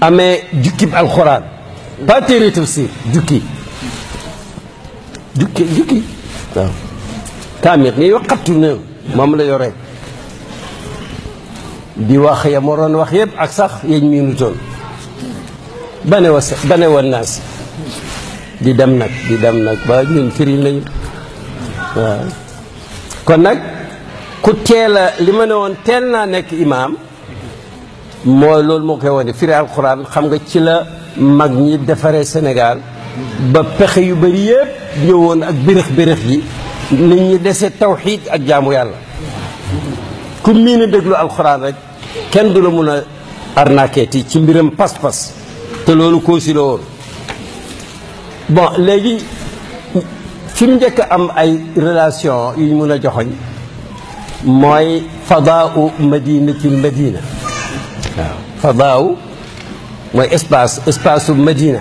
Speaker 1: amee jukkib alxuraan pas téere tafsir jukki jukki jukki waaw kaamir ni xattu ne moom la yore di wax ya ma doon wax yépp ak sax yeñ miinutoon bane wa sa bane wa naas di dem nag di dem nag ba ñun firi nañu waaw kon nag ku teel li ma ne woon teel naa nekk imaam mooy loolu moo koy wane firi alxuraan xam nga ci la mag ñi defaree Sénégal ba pexe yu bëri yëpp ñëwoon ak bérëx bérëx yi nit ñi dese tawxiid ak jaamu yàlla ku mii ne déglu alxuraan rek kenn du la mun a arnaqueeti ci mbiram pas-pas te loolu koosi la woon bon léegi fi mu njëkk am ay relation yuñ mun a joxoñ mooy fadaawu madina ci madina waaw fadaawu mooy espace espace u madina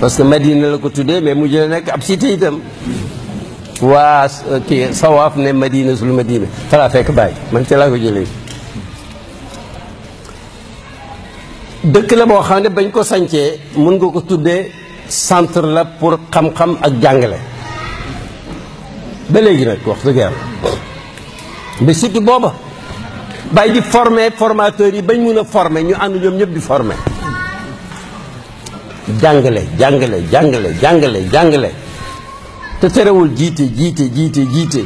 Speaker 1: parce que madina la ko tuddee mais mu jële nekk ab cité itam waa euh, kii sawaaf ne madina sul madina falaa fekk bàyyi man ci laa ko jëlee dëkk la boo xam ne bañ ko sancee mun nga ko tuddee centre la pour xam-xam ak jàngale ba léegi nag wax dëgg yàlla mais surtout booba bàyyi di forme formateurs yi bañ mun a former ñu ànd ñoom ñëpp di forme jàngale jàngale jàngale jàngale jàngale te terewul jiite jiite jiite jiite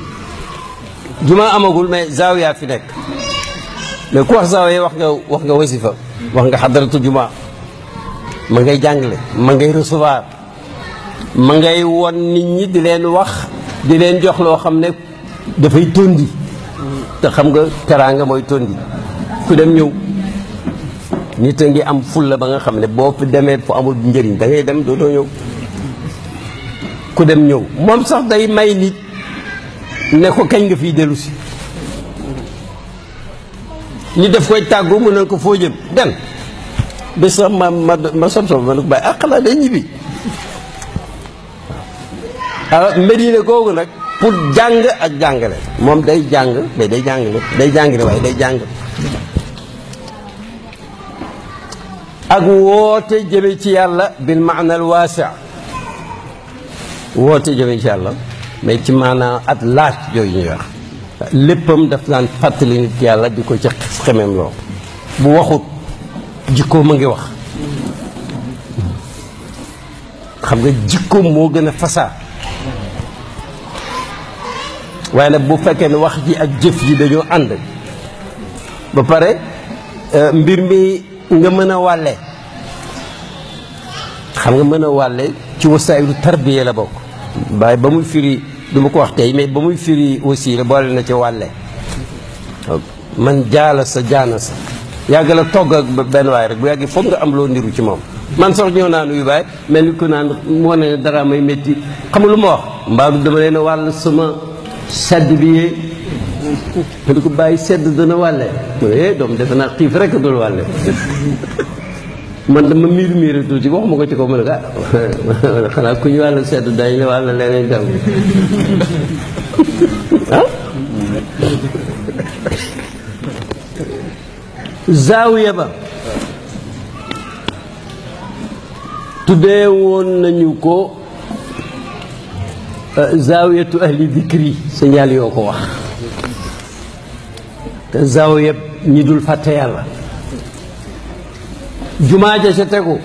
Speaker 1: jumaa amagul mais zaawiya fi nekk mais ku wax zaawiya wax nga wax nga wasifa wax nga xadaratu jumaa ma ngay jàngale ma ngay recevoir ma ngay won nit ñi di leen wax di leen jox loo xam ne dafay tondi te xam nga nga mooy tondi ku dem ñëw nit a ngi am fulla ba nga xam ne boo fi demee fu amul njëriñ dangay ngay dem dootoo ñëw ku dem ñëw moom sax day may nit ne ko kañ nga fiy dellusi si ñu def koy tàggu mu ne ko foo jëm dan bés sax ma ma ma sob sob ma ne ko bàyyi ah xanaa day ñibbi alors ah, googu nag pour jàng ak jàngale moom day jàng mais day jàngale day jàngale waaye day jàng ak woote jëme ci yàlla bil maanal waasi woote jëm incha allah mais ci maanaam at laaj yooyu ñuy wax léppam daf daan fàttali nit yàlla di ko ci xemem loo bu waxut jikkoom a ngi wax xam nga jikkoom moo gën a fasaa waaye nag bu fekkee ne wax ji ak jëf ji dañoo ànd ba pare euh, mbir mi nga mën a wàlle xam nga mën a wàlle ci wasaayilu tarbiya la bokk bàyyi ba muy firi duma ko wax tey mais ba muy firi aussi boole na ci wàlle man jaala sa jaana sa yàgg la togg ak benn waay rek bu yàggee foog nga am loo ndiru ci moom man sax ñëw naa nuyu baay mel ni ko naan moo ne dara may métti xam lu ma wax mbaadu dama leen a wàll sama sedd bi yee ma di ko bàyyi sedd dana wàlle mu eh, ne doom defe naa xiif rek dul wàlle man dama miir miir tuuti waxuma ko ci kaw ma ne ah xanaa ku ñu wàllu sedd dañ la wàllu leneen itam ah day ba tuddee woon nañu ko eh, zaawiyatu ahli dikri signal yoo ko wax te zaawiya ñi dul fàtte yàlla jumaa ja ca tegu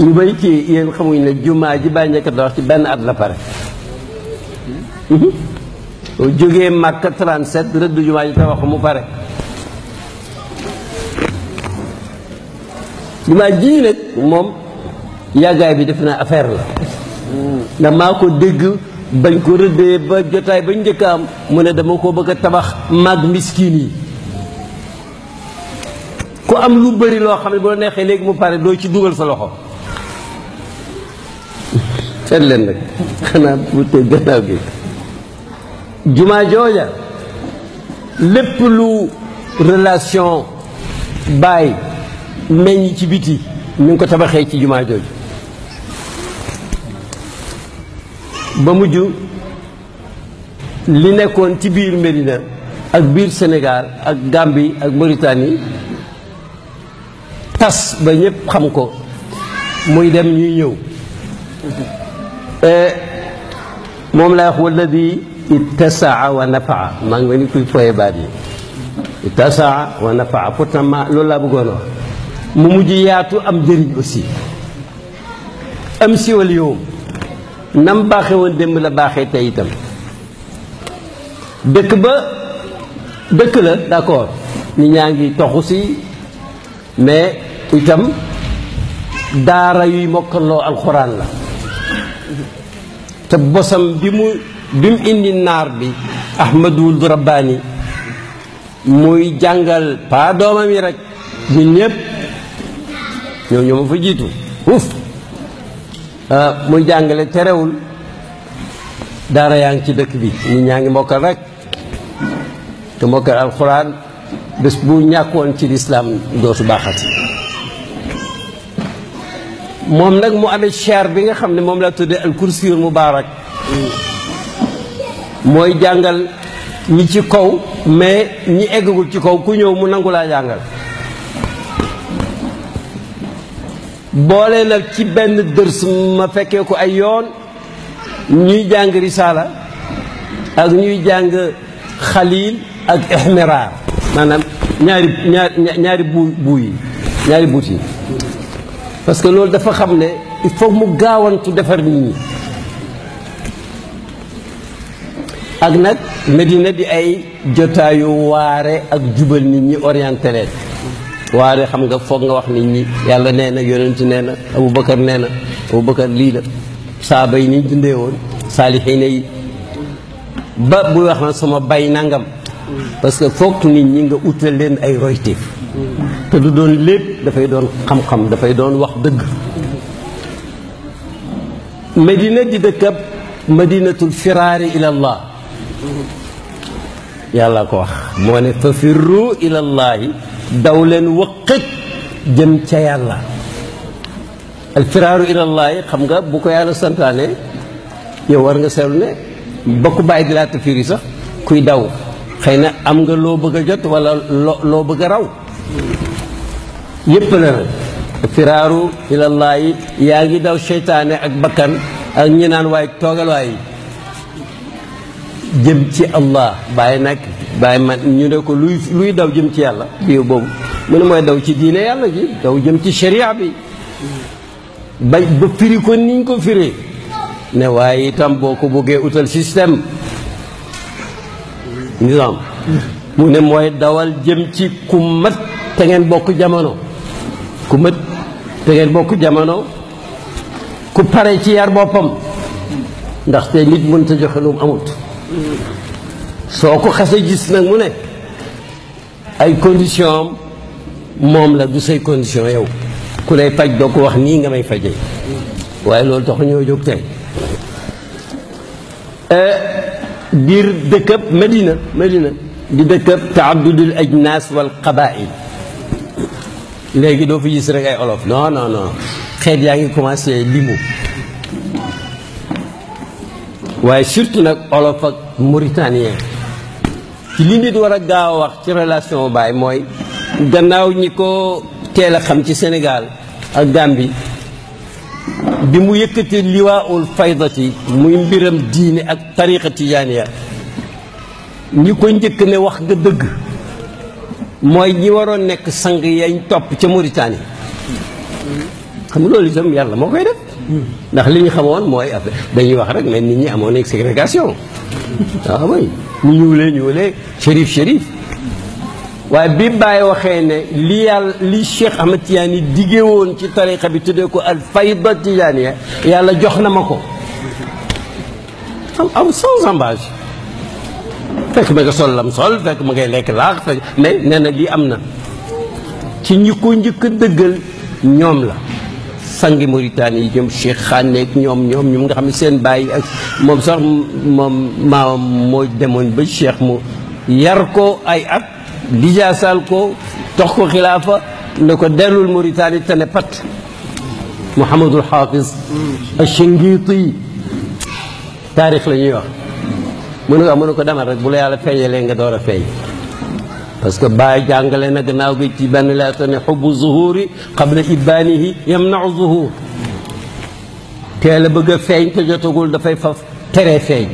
Speaker 1: ñu bëri ci yéen xamuñ ne jumaa ji bàyyi njëkk dox ci benn at la pare boo mhm. jógee Màkka 37 rëdd jumaa ji tabax mu pare jumaa ji nag moom yàggaay bi def na affaire la ndax maa ko dégg bañ ko rëddee ba jotaay ba njëkk am mu ne dama koo bëgg a tabax mag miskin yi ku am lu bari loo xam ne boo neexee léegi mu pare doo ci dugal sa loxo seet leen nag xanaa bu gannaaw gi jumaa jooja lépp lu relation baay meññ ci biti mi ngi ko tabaxee ci jumaa jooju ba mujj li nekkoon ci biir Medina ak biir Sénégal ak Gambie ak Mauritanie tas ba ñëpp xam ko muy dem ñuy ñëw eh, moom lay wax walladi ittasaa wa nafaa maa ngi ni kuy foye baat yi ittasaa wa nafaa pourtant ma loolu laa bëggoon wax mu mujj yaatu am jëriñ aussi am siwal yowm nam baaxe woon la baaxee tey itam dëkk ba dëkk la d'accord nit ñaa ngi toxu si mais itam daara yuy mokkaloo alxuraan la te bosam bi mu bi mu indi naar bi ahmadul rabbaani muy jàngal paa doomam yi rek ñun ñëpp ñoo ñoo ma fa jiitu uuf ah, muy jàngale terewul daara yaa ngi ci dëkk bi nit ñaa ngi mokkal rek te mokkal alxuraan bés bu ñàkkoon ci lislaam dootu baaxati moom nag mu amee chaire bi nga xam ne moom laa tuddee al kursiul mubaarak mooy jàngal ñi ci kaw mais ñi eggagul ci kaw ku ñëw mu nangu laa jàngal boole nag ci benn dërs ma fekkee ko ay yoon ñuy jàng risaala ak ñuy jàng xaliil ak ihmiraar maanaam ñaari ñaari buu bu buuy ñaari buut yi parce que loolu dafa xam ne il faut mu gaawantu defar nit ñi ak nag Medina di ay jotaayu waare ak jubal nit ñi orienté waare xam nga foog nga wax nit ñi yàlla nee na yonent nee na Aboubacar nee na Aboubacar lii la saaba yi niñ ñu dundee woon saalixiina yi ba buy wax na sama bay nangam parce que foog nit ñi nga utal leen ay royteef te du doon lépp dafay doon xam-xam dafay doon wax dëgg madina di dëkkab madinatul firaari ilallah yàlla ko wax moo ne fa firru ilallaahi daw leen wëqit jëm ca yàlla al firaaru ilallaahi xam nga bu ko yàlla santaane yow war nga seetlu ne ba bàyyi di laata fiir yi sax kuy daw xëy na am nga loo bëgg a jot wala loo bëgg a raw yépp la nag firaaru ilallaahi yaa ngi daw seytaane ak bakkan ak ñi naan waay toogal waay jëm ci allah bàyyi nag bàyyi man ñu ne ko luy luy daw jëm ci yàlla bii boobu mu ne mooy daw ci diine yàlla ji daw jëm ci sharia bi ba ba firi ko niñ ko firi ne waaye itam boo ko bëggee utal système mu ne mooy dawal jëm ci ku te ngeen bokk jamono ku mët te ngeen bokk jamono ku pare ci yar boppam ndaxte nit mënta joxe lu mu amut soo ko xasee gis nag mu ne ay condition am moom la du say condition yow ku lay faj doo ko wax nii nga may faje waaye loolu tax ñoo jóg tey eh, biir dëkkab Medina Medina di dëkkab taabudul ajnaas wal qabail léegi doo fi gis rek ay olof non non non xeet yaa ngi commencé limu waaye surtout nag olof ak mauritanien ci li nit war a gaaw wax ci relation baay mooy gannaaw ñi ko teel a xam ci Sénégal ak Gambie bi mu yëkkati liwaawul faydati muy mbiram diine ak tariqa tijaaniya ñi ko njëkk ne wax nga dëgg mooy ñi waroon nekk sang yañ topp ca Mauritanie xam nga loolu itam yàlla moo koy def ndax li ñu xamoon mooy affaire dañuy wax rek mais nit ñi amoon nañ ségrégation waaw ah mooy ñu ñuulee ñuulee shérif shérif waaye bi Baye waxee ne li yàlla li Cheikh Ahmed Tidiane diggee woon ci tariqa bi tuddee ko al fayda tijaaniya yàlla jox na ma ko am aw sans embâche fekk ma nga sol lam sol fekk ma ngay lekk laax fekk mais nee na lii am na ci ñi ko njëkk a dëggal ñoom la sangi Mauritanie yi ñoom Cheikh Xaaneek ñoom ñoom ñoom nga xam ne seen baay ak moom sax moom maamam moo demoon ba Cheikh moo yar ko ay at lijaasal ko tox ko xilaafa ne ko dellul Mauritanie te ne pat Mouhamadul Hafiz mm. Ashingiti taarix la ñuy wax mu ne ko mu ko demal rek bu la yàlla feeñalee nga door a feeñ parce que bàyyi jàngale na gannaaw gi ci benn lettre ne xubbu zuhuri qabla ibaanihi yamnau zuhur teel a bëgg a feeñ te jotagul dafay faf tere feeñ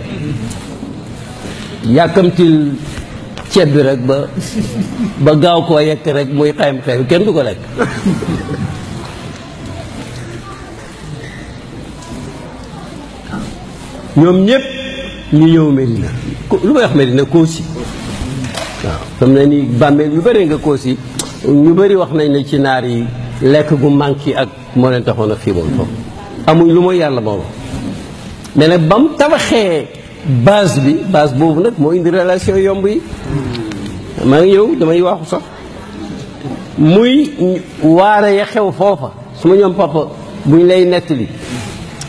Speaker 1: yàkkamtil ceeb bi rek ba ba gaaw koo yekk rek muy xayam xew kenn du ko lekk ñoom ñëpp ñu ñëw Medina lu may wax Medina Kossy waaw xam ne ni bàmmeel yu bëree nga Kossy ñu bëri wax nañ ne ci naar yi lekk gu manqué ak moo leen taxoon a xiiboon foofu amuñ lu mooy yàlla boobu mais nag ba mu tabaxee base bi base boobu nag moo indi relation yomb yi maa ngi ñëw damay waxu sax muy waare ya xew foofa su ma ñoom papa buñ lay nettali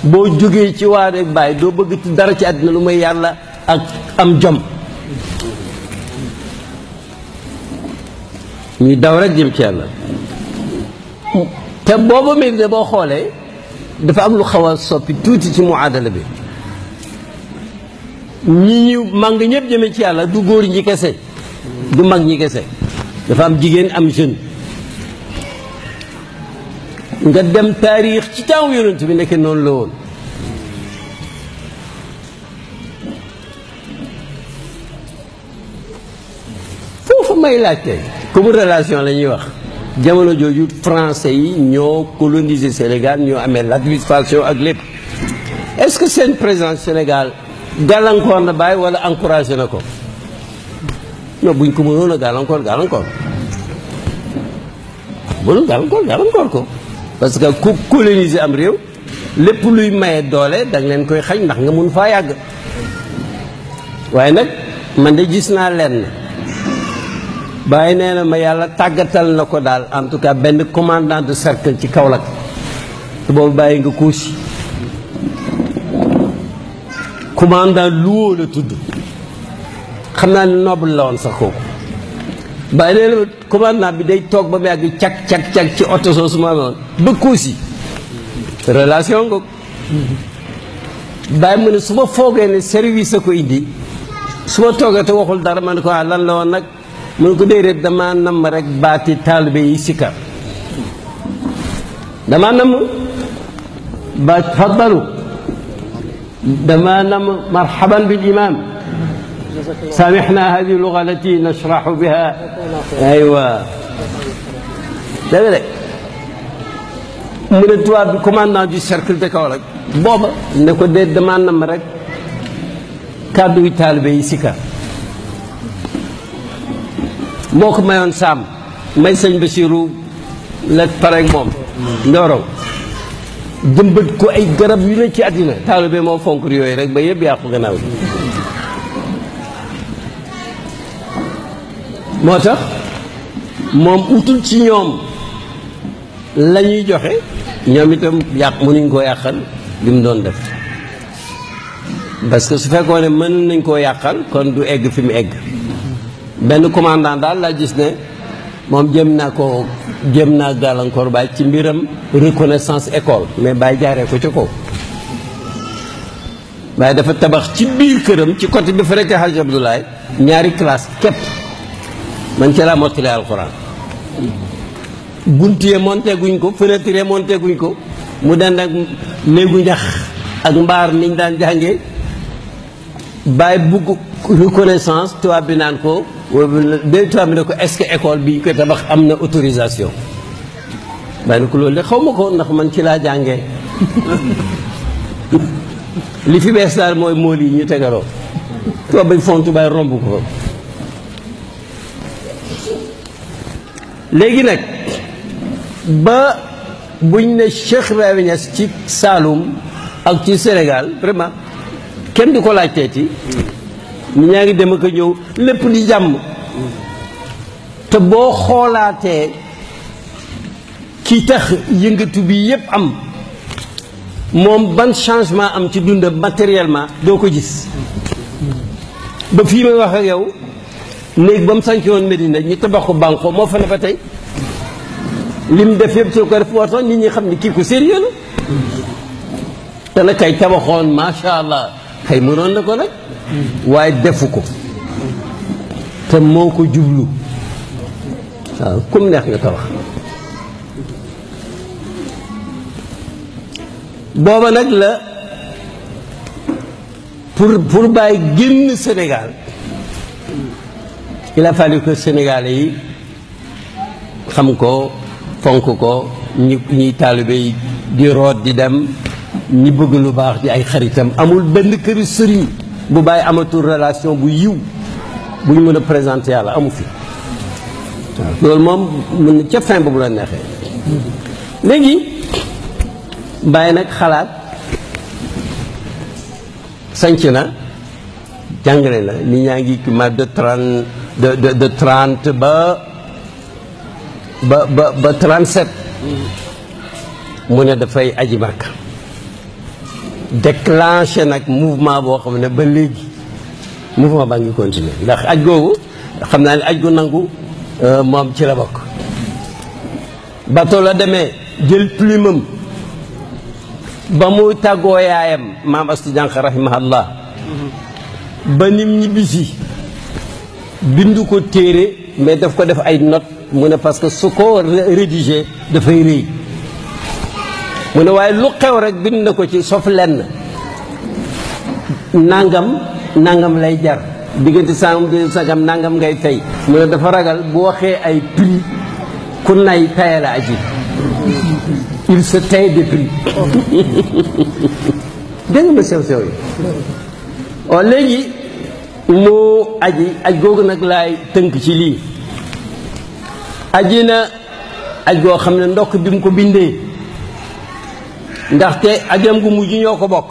Speaker 1: boo jógee ci waar ak bàyyi doo bëgg dara ci àddina lu may yàlla ak am jom ñuy daw rek jëm ci yàlla te booba mbir de boo xoolee dafa am lu xaw a soppi tuuti ci muadala bi ñi ñu màng ñëpp jëmee ci yàlla du góor ñi kese du mag ñi kese dafa am jigéen am jeune nga dem taarix ci taaw yonent bi nekk noonu la woon foofu may laajte comme relation la ñuy wax jamono jooju français yi ñoo colonisé Sénégal ñoo amee l'administration ak lépp est-ce que seen présence Sénégal gàllankoor na bàyyi wala encouragé na ko non buñ ko mënoon a gàllankoor gàllankoor mënoon gàllankoor gàllankoor ko parce que ku coloniser am réew lépp luy maye doole da leen koy xañ ndax nga mun faa yàgg waaye nag man de gis naa lenn bàyyi nee na ma yàlla tàggatal na ko daal en tout cas benn commandant de cercle ci Kaolack te boobu bàyyi nga kuusi commandant luwoo la tudd xam naa ne noble la woon sax kooku bàyyi nee na commandant bi day toog ba mu yàgg cag cag cag ci oto soosu ma amoon ba Kossy relation ngoog bàyyi mu ne suma ma foogee ne service a ko indi su toogee te waxul dara ma ne ko ah lan la woon nag mu ne ko déedéet damaa namm rek baati taalibe yi sikar damaa namm baat faddalu damaa namm marhaban bil imam
Speaker 2: سامحنا
Speaker 1: هذه اللغة التي نشرح بها أيوة dégg nga de mu ne tubaab bi commandant du cercle de Kaolack booba ne ko dee demande na ma rek kàddu yu taalibe yi sikar moo ko mayoon saam may sëñ Basiru la pareeg moom ndoorow jëmbat ko ay garab yu ne ci àddina taalibe moo fonk yooyu rek ba yëpp yàqu gannaaw bi moo tax moom utul ci ñoom la ñuy joxe ñoom itam yàq mënuñ koo yàqal li mu doon def parce que su fekkoo ne mën nañ koo yàqal kon du egg fi mu egg benn commandant daal laa gis ne moom jëm naa ko jëm naa gàllankoor baay ci mbiram reconnaissance école mais baay jaaree ko ca ko waaye dafa tabax ci biir këram ci côté bi fa rekk Haj Abdoulaye ñaari classe képp man ca laa mottalee alxuraan bunt yee monté guñ ko fenêtre yee monté guñ ko mu dend ak néegu ñax ak mbaar niñ daan jànge bàyyi bugg reconnaissance tubaab bi naan ko day tubaab bi ne ko est-ce que école bi ñu koy tabax am na autorisation bàyyi na ko loolu de xaw ma ko ndax man ci laa jànge li fi bees daal mooy mool yi ñu tegaloo tubaab bi fontu bàyyi romb ko léegi nag ba buñ ne Cheikh Ibrahima ci Saloum ak ci Sénégal vraiment kenn du ko laaj teeti ñu ñaa ngi dem ak ñëw lépp di jàmm te boo xoolaatee ki tax yëngatu bi yépp am moom ban changement am ci dundam matériellement doo ko gis ba fii may wax ak yow léegi ba mu sànci woon Medina ñu tabax ko banko moo fa ne ba tey lim def yëpp soo ko def moo tax nit ñi xam ne kii ko sérieux te nag kay tabaxoon macha allah xëy mënoon na ko nag waaye defu ko te moo ko jublu waaw kum neex nga tabax booba nag la pour pour bàyyi génn Sénégal il a fallu que sénégalais yi xam ko fonk ko ñi ñuy taalibe yi di root di dem ñi bëgg lu baax di ay xaritam amul benn këri sëriñ bu bàyyi amatul relation bu yiw buñ mën a présenter yàlla amu fi loolu moom mën na ca fin bu la neexee léegi bàyyi nag xalaat sanc na jàngale la nit ñaa ngi ma de trente de de de ba ba ba ba trente mu ne dafay aji Makka déclenché nag mouvement boo xam ne ba léegi mouvement baa ngi continuer ndax aj googu xam naa ni aj gu nangu euh, moom ci la bokk bato la demee jël plumam ba muy tàggoo yaayam maam astu jànq mm-hmm. ba nim ñibbisi bindu ko téere mais daf ko def ay not mu ne parce que su ko rédigé dafay rëy mu ne waaye lu xew rek bind na ko ci sof lenn nangam nangam lay jar diggante sangam diggante sangam nangam ngay tey mu ne dafa ragal bu waxee ay prix ku nay tayal aji il se taille de prix dégg sew sew yi waaw oh, léegi moo aji aj googu nag laay tënk ci lii aji na aj goo xam ne ndokk bi mu ko bindee ndaxte ajam gu mujj ñoo ko bokk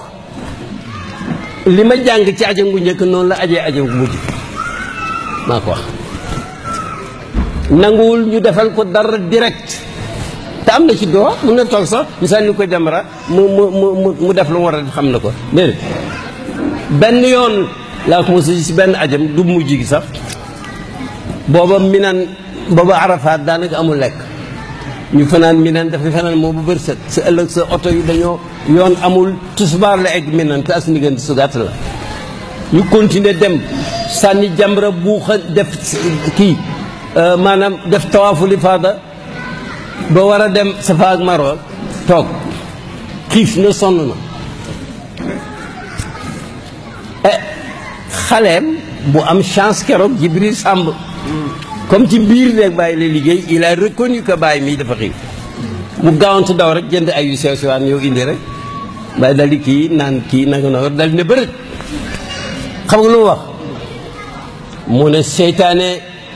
Speaker 1: li ma jàng ci ajam gu njëkk noonu la ajee ajam gu mujj maa ko wax nanguwul ñu defal ko dara direct te am na ci doo mun na toog sax ñu sànni ko demara mu mu mu mu def lu mu war a xam na ko déedéet benn yoon laa ko mos a si benn ajam du mujj gi sax booba minan booba arafaat daanaka amul lekk ñu fanaan minan dafa fanaan moo bu bërsët sa ëllëg sa oto yi dañoo yoon amul tusbaar la egg minan te as ndiggante su gàtt la ñu continuer dem sànni buux a def kii euh, maanaam def tawaaful ifaada ba war a dem Safa ak Marwa toog xiif na sonn na eh, xale bu am chance keroog Jibril Samb comme ci biir rek bàyyi la liggéey il a reconnu que bàyyi mii dafa xiif mu gaawantu daw rek jënd ay yu sew siwaan yow indi rek bàyyi dal di kii naan kii nanga noonu dal ne bërët xam nga lu mu wax mu ne seytaane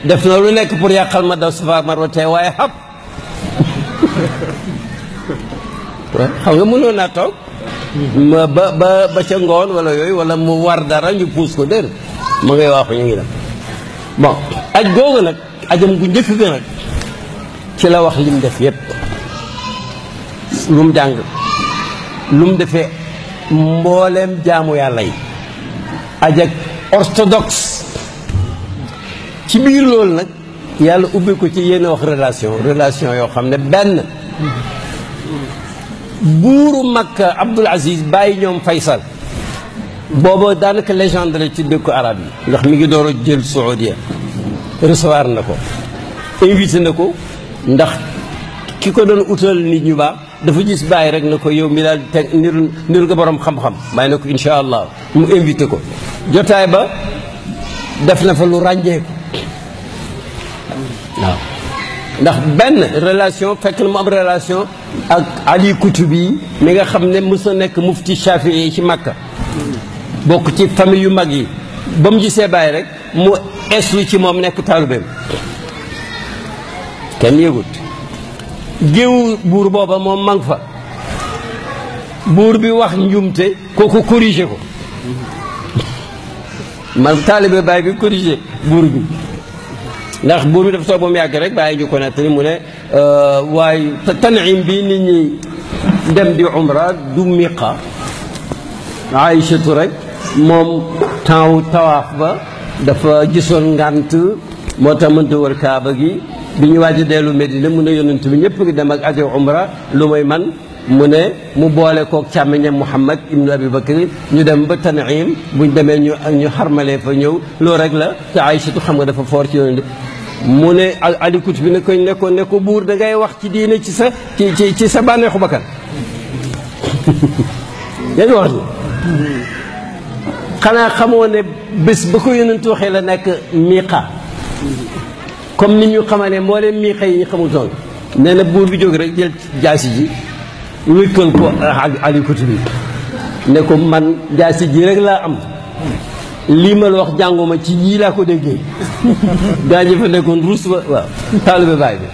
Speaker 1: def na lu nekk pour yàqal ma daw Safa Marwa tey waaye xap xam nga mënoon naa toog ma ba ba ba ca ngoon wala yooyu wala mu war dara ñu puus ko dér ma ngay waaxu ñu ngi dem bon aj googu nag ajam gu njëkk ga nag ci la wax lim def yépp lu jàng lu defee mbooleem jaamu yàlla yi aj ak orthodoxe ci biir loolu nag yàlla ubbi ko ci yenn wax relation relation yoo xam ne benn buuru Makka Abdul Aziz bàyyi ñoom Faysal booba daanaka légende la ci dëkku arab yi ndax mi ngi door a jël Saoudia recevoir na ko invité na ko ndax ki ko doon utal nit ñu baax dafa gis bàyyi rek na ko yow mi daal teg niru niru nga borom xam-xam bàyyi na ko incha allah mu invité ko jotaay ba def na fa lu ràññeeku waaw ndax benn relation fekk na mu am relation ak Ali Kutubi mi nga xam ne mës na nekk mufti Shafii ci Makka bokk ci famille yu mag yi ba mu gisee bàyyi rek mu eslu ci moom nekk taalibeem kenn yëgut géewu buur booba moom man fa buur bi wax njuumte kooku corrigé ko man taalibe bàyyi bi corrigé buur bi ndax buur bi dafa toog ba mu yàgg rek bàyyi ñu ko nettali mu ne euh, waaye tanim bi nit ñi dem di umra du miqa aïchatu rek moom temps tawaaf ba dafa gisoon ngànt moo tax mënta wër kaaba gi bi ñu waaj a dellu Medina mu ne yonent bi ñëpp ngi dem ak aji umra lu may man mu ne mu boole kook càmmiñam Muhammad ibnu Abi Bakri ñu dem ba bu ñu demee ñu ak ñu xarmalee fa ñëw loolu rek la te Aïchatu xam nga dafa foor ci yonent mu ne alikut bi ne koñ ne ko ne ko buur da ngay wax ci diine ci sa ci ci ci sa bànneexu bakkan yaa ngi xanaa xamoo ne bés ba ko yonent waxee la nekk miiqa comme ni ñu xama ne moo leen miiqa yi ñu xamutoon nee na buur bi jóg rek jël jaasi ji wékkal ko alikut bi ne ko man jaasi ji rek laa am lii ma la wax jànguma ci yii laa ko déggee daa fa nekkoon ruus ba waaw taalibe baay bi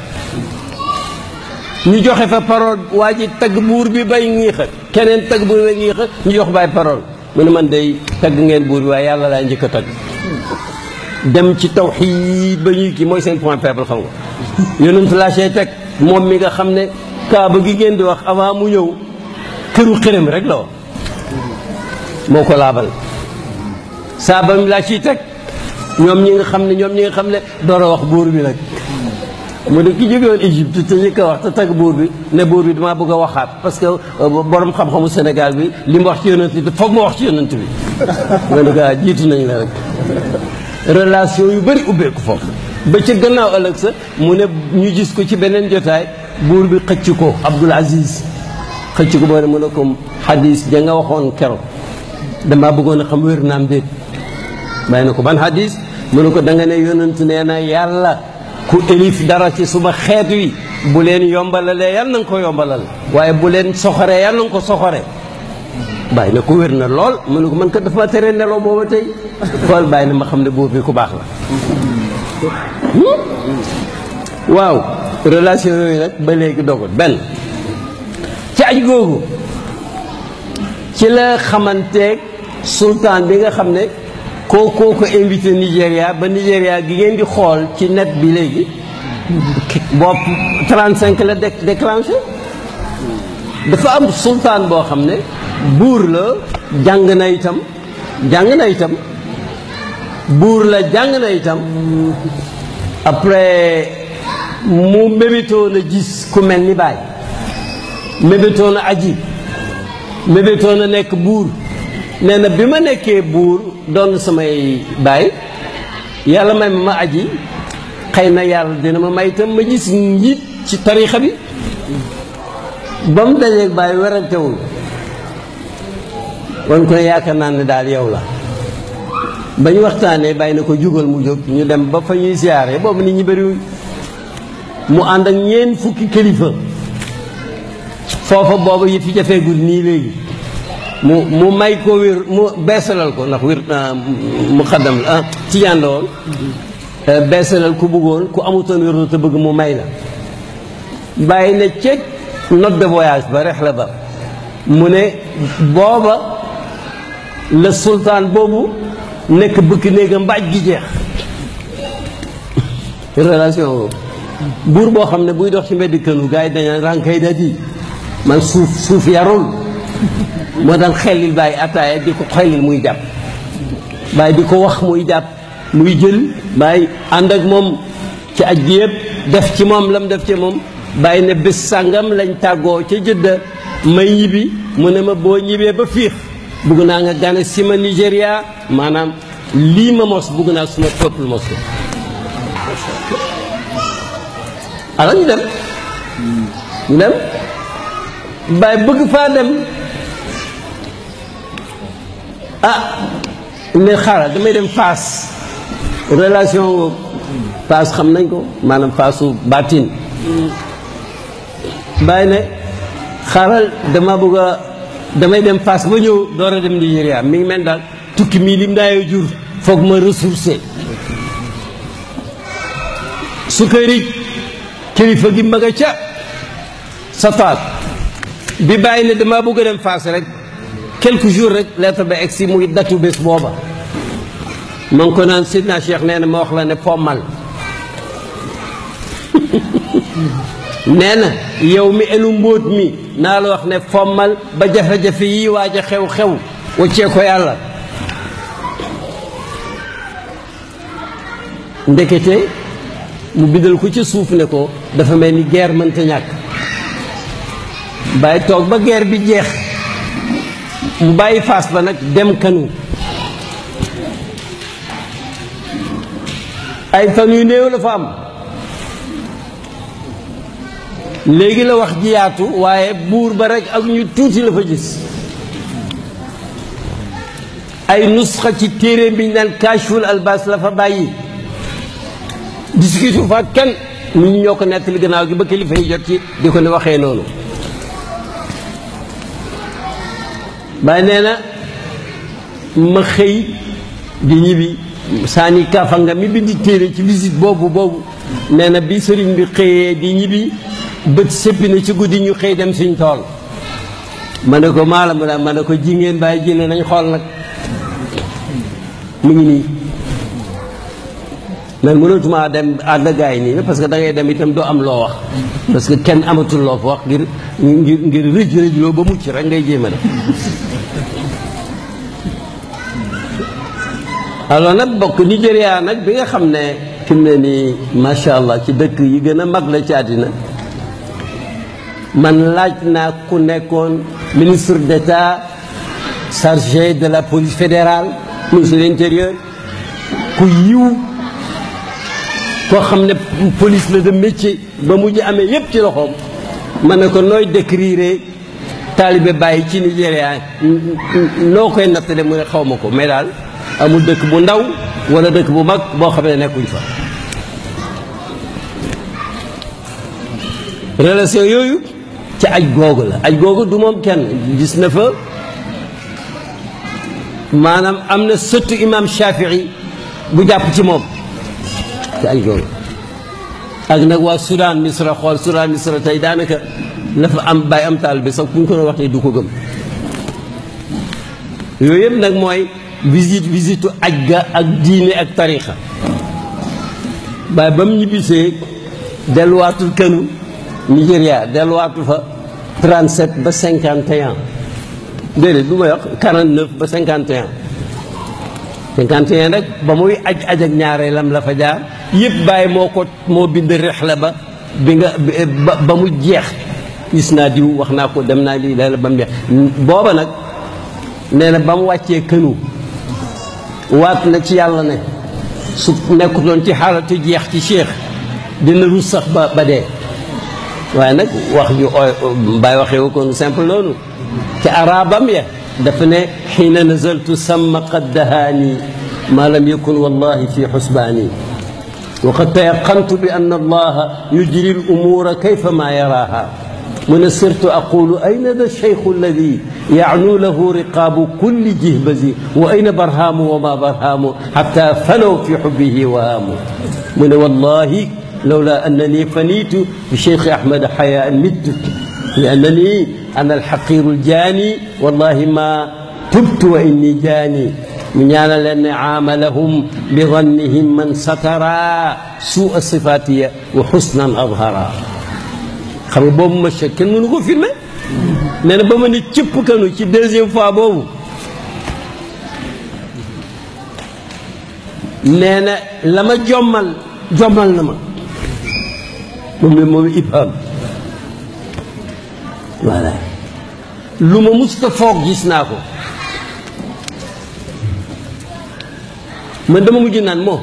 Speaker 1: ñu joxe fa parole waa ji tagg buur bi bay ñii xat keneen tagg buur bi bay ñii xat ñu jox baay parool mu ne man dey tagg ngeen buur bi waaye yàlla laa njëkk a tagg dem ci tawxiid ba ñuy kii mooy seen point faible xam nga yonent laa see teg moom mi nga xam ne kaaba gi ngeen di wax avant mu ñëw këru xërëm rek la woon moo ko laabal saaba mi laa teg ñoom ñi nga xam ne ñoom ñi nga xam ne door a wax buur bi nag mu ne ki jóge woon Égypte te ñi ko wax te tagg buur bi ne buur bi damaa bëgg a waxaat parce que euh, borom xam-xamu Sénégal bi li mu wax ci yonent bi foog mu wax ci yonent bi nga ne ko ah la rek relation yu bëri ubbeeku foofu ba ca gannaaw ëllëg sa mu ne ñu gis ko ci beneen jotaay buur bi xëcc ko Abdoul Aziz xëcc ko boo ne mu ne ko xadis ja nga waxoon keroog damaa bëggoon a xam wér naam déet may na ko ban hadis mu ne ko danga nga ne yonent nee na yàlla ku élif dara ci suma xeet wi bu leen yombalalee yal na nga ko yombalal waaye bu leen soxoree yal na nga ko soxore bàyyi na ko wér na lool mu ne ko man ko dafa tere nelaw booba tey bàyyi na ma xam ne boobu baax la hmm? waaw relation yooyu nag ba léegi dogut benn ci aj googu ci la xamanteeg sultaan bi nga xam ne kookoo ko invité Nigéria ba Nigéria gi ngeen di xool ci net bi léegi bopp 35 la déclenché dafa am sultaan boo xam ne buur la jàng na itam jàng na itam buur la jàng na itam après mu mébétoon a gis ku mel ni Baay mébétoon a aji mébétoon a nekk buur nee na bi ma nekkee buur doon samay baay yàlla may ma ma aji xëy na yàlla dina ma may itam ma gis njiit ci tariixa bi ba mu dajeeg baay werantewul wan ko ne yaakaar naa ne daal yow la ba ñu waxtaanee bàyyi na ko jógal mu jóg ñu dem ba fa ñuy siyaare boobu nit ñi bëriwuñ mu ànd ak ñeen fukki kilifa foofu boobu yi fi jafeegul nii léegi mu mu may ko wér mu beesalal ko ndax wér mu xaddam la tijaan ah, la woon eh, beesalal ku bëggoon ku amutoon wér te bëgg mu may la bàyyi na ceeg note de ba rex ba mu ne booba la sultaan boobu nekk bëkk néega mbaaj gi jeex relation boobu buur boo xam ne buy dox ci mbedd kënu gars yi dañaan rànkay dat yi man suuf suuf yarul moo daan xellil bàyyi ataaya di ko xellil muy jàpp bàyyi di ko wax muy jàpp muy jël bàyyi ànd ak moom ci aj gi yëpp def ci moom lam def ci moom bàyyi ne bis sàngam lañ tàggoo ca jëdda may ñibbi mu ne ma boo ñibbee ba fiix bugg naa nga gane si ma Nigéria maanaam lii ma mos bugg naa suma peuple mos ko alors ñu dem ñu dem bàyyi bëgg faa dem ah mais xaaral damay dem Fass relation Fass xam nañ ko maanaam Fassu baatin bàyyi ne xaaral damaa bëgg a damay dem Fass ba ñëw door a dem Nigéria mi ngi mel daal tukki mii lim daayoo jur foog ma ressourcé su këri kilifa gi mag a ca sa faat bi bàyyi ne dama bëgg a dem Fass rek quelques jours rek lettre ba egsi muy datu bés booba ma ngi ko naan sidna cheikh nee na ma wax la ne pommal nee na yow mi elu mbóot mi naa la wax ne fommal ba jafe-jafe yi waaj a xew-xew waccee ko yàlla ndekete mu bindal ko ca suuf ne ko dafa mel ni guerre mënta ñàkk bàyyi toog ba guerre bi jeex mu bàyyi faas ba nag dem kanu ay fan yu néew la fa am léegi la wax jiyaatu waaye buur ba rek ak ñu tuuti la fa gis ay nusxa ci téeréem bi ñu naan kaashful albas la fa bàyyi discutu fa kenn mu ñi ñoo ko nettali gannaaw gi ba kilifa yi jot ci di ko ne waxee noonu bàyyi nee na ma xëy di ñibbi saani kaafanga mi bi téere ci visite boobu boobu nee na bi sëriñ bi xëyee di ñibbi bët sëppi na ci guddi ñu xëy dem suñ tool ma ne ko maala ma daal ma ne ko ji ngeen bàyyi ji ne xool nag mu ngi nii man mënatuma dem ànd ak gars yi nii parce que da ngay dem itam doo am loo wax parce que kenn amatul loo fa wax ngir ngir ngir rëj rëj loo ba mucc rek ngay jéem a def nag bokk Nigéria nag bi nga xam ne fi mu ne nii macha allah ci dëkk yi gën a mag la ci àddina man laaj naa ku nekkoon ministre d'état chargé de la police fédérale ministre de ku yiw koo xam ne police la de métier ba mu ñu amee yépp ci loxoom ma ne ko nooy décrire taalibe bàyyi ci Nigéria noo koy nattale mu ne xaw ma ko mais daal amul dëkk bu ndaw wala dëkk bu mag boo xam ne nekkuñ fa relation yooyu ci aj googu la aj googu du moom kenn gis na fa maanaam am na sëttu imam Shafii bu jàpp ci moom ci ay ak nag waa Soudan Misra xool Soudan Misra tey daanaka la fa am bàyyi am taal bi sax ku ñu ko doon wax tey du ko gëm yooyu yëpp nag mooy visite visitu aj ga ak diine ak tarixa waaye ba mu ñibbisee delluwaatul Kano Nigéria delluwaatu fa 37 ba 51 déedéet du ma wax 49 ba 51 51 rek ba muy aj aj ak ñaareelam la fa jaar yëpp bàyyi moo ko moo bind rexla ba bi nga jeex gis naa diw wax naa ko dem naa lii la ba mu booba nag nee na ba mu wàccee kënu waat na ci yàlla ne su nekkutoon ci xaalatu jeex ci Cheikh dina rus sax ba ba dee waaye nag wax ju bàyyi waxewu kon simple loolu ci arabam ya dafa ne xiina nazaltu samma qad dahaani maa lam yakun wallahi fi xusbaani waqad tayaqantu bi anna allaha yujri al-umuura kayfa maa yaraaha mu ne sirtu aqulu ayna da cheikhu alladi yaanu lahu riqaabu kulli jihbazi wa ayna barhaamu wa maa barhaamu xatta fanaw fi xubbihi wahaamu mu ne wallahi lawlaa annani faniitu bi cheikhi ahmada xayaan mittu li annani ana alxaqiiru aljaani wallahi maa tubtu wa inni jaani mu ñaanal leen ne aamalahum bi dannihim man satara suu a wa xusnan adhara xam nga boobu macha kenn mënu ko filmé nee na ba ma ne kanu ci deuxième fois boobu nee na lama ma jommal jommal na ma moom musta foog gis naa ko mën dama mujj naan moo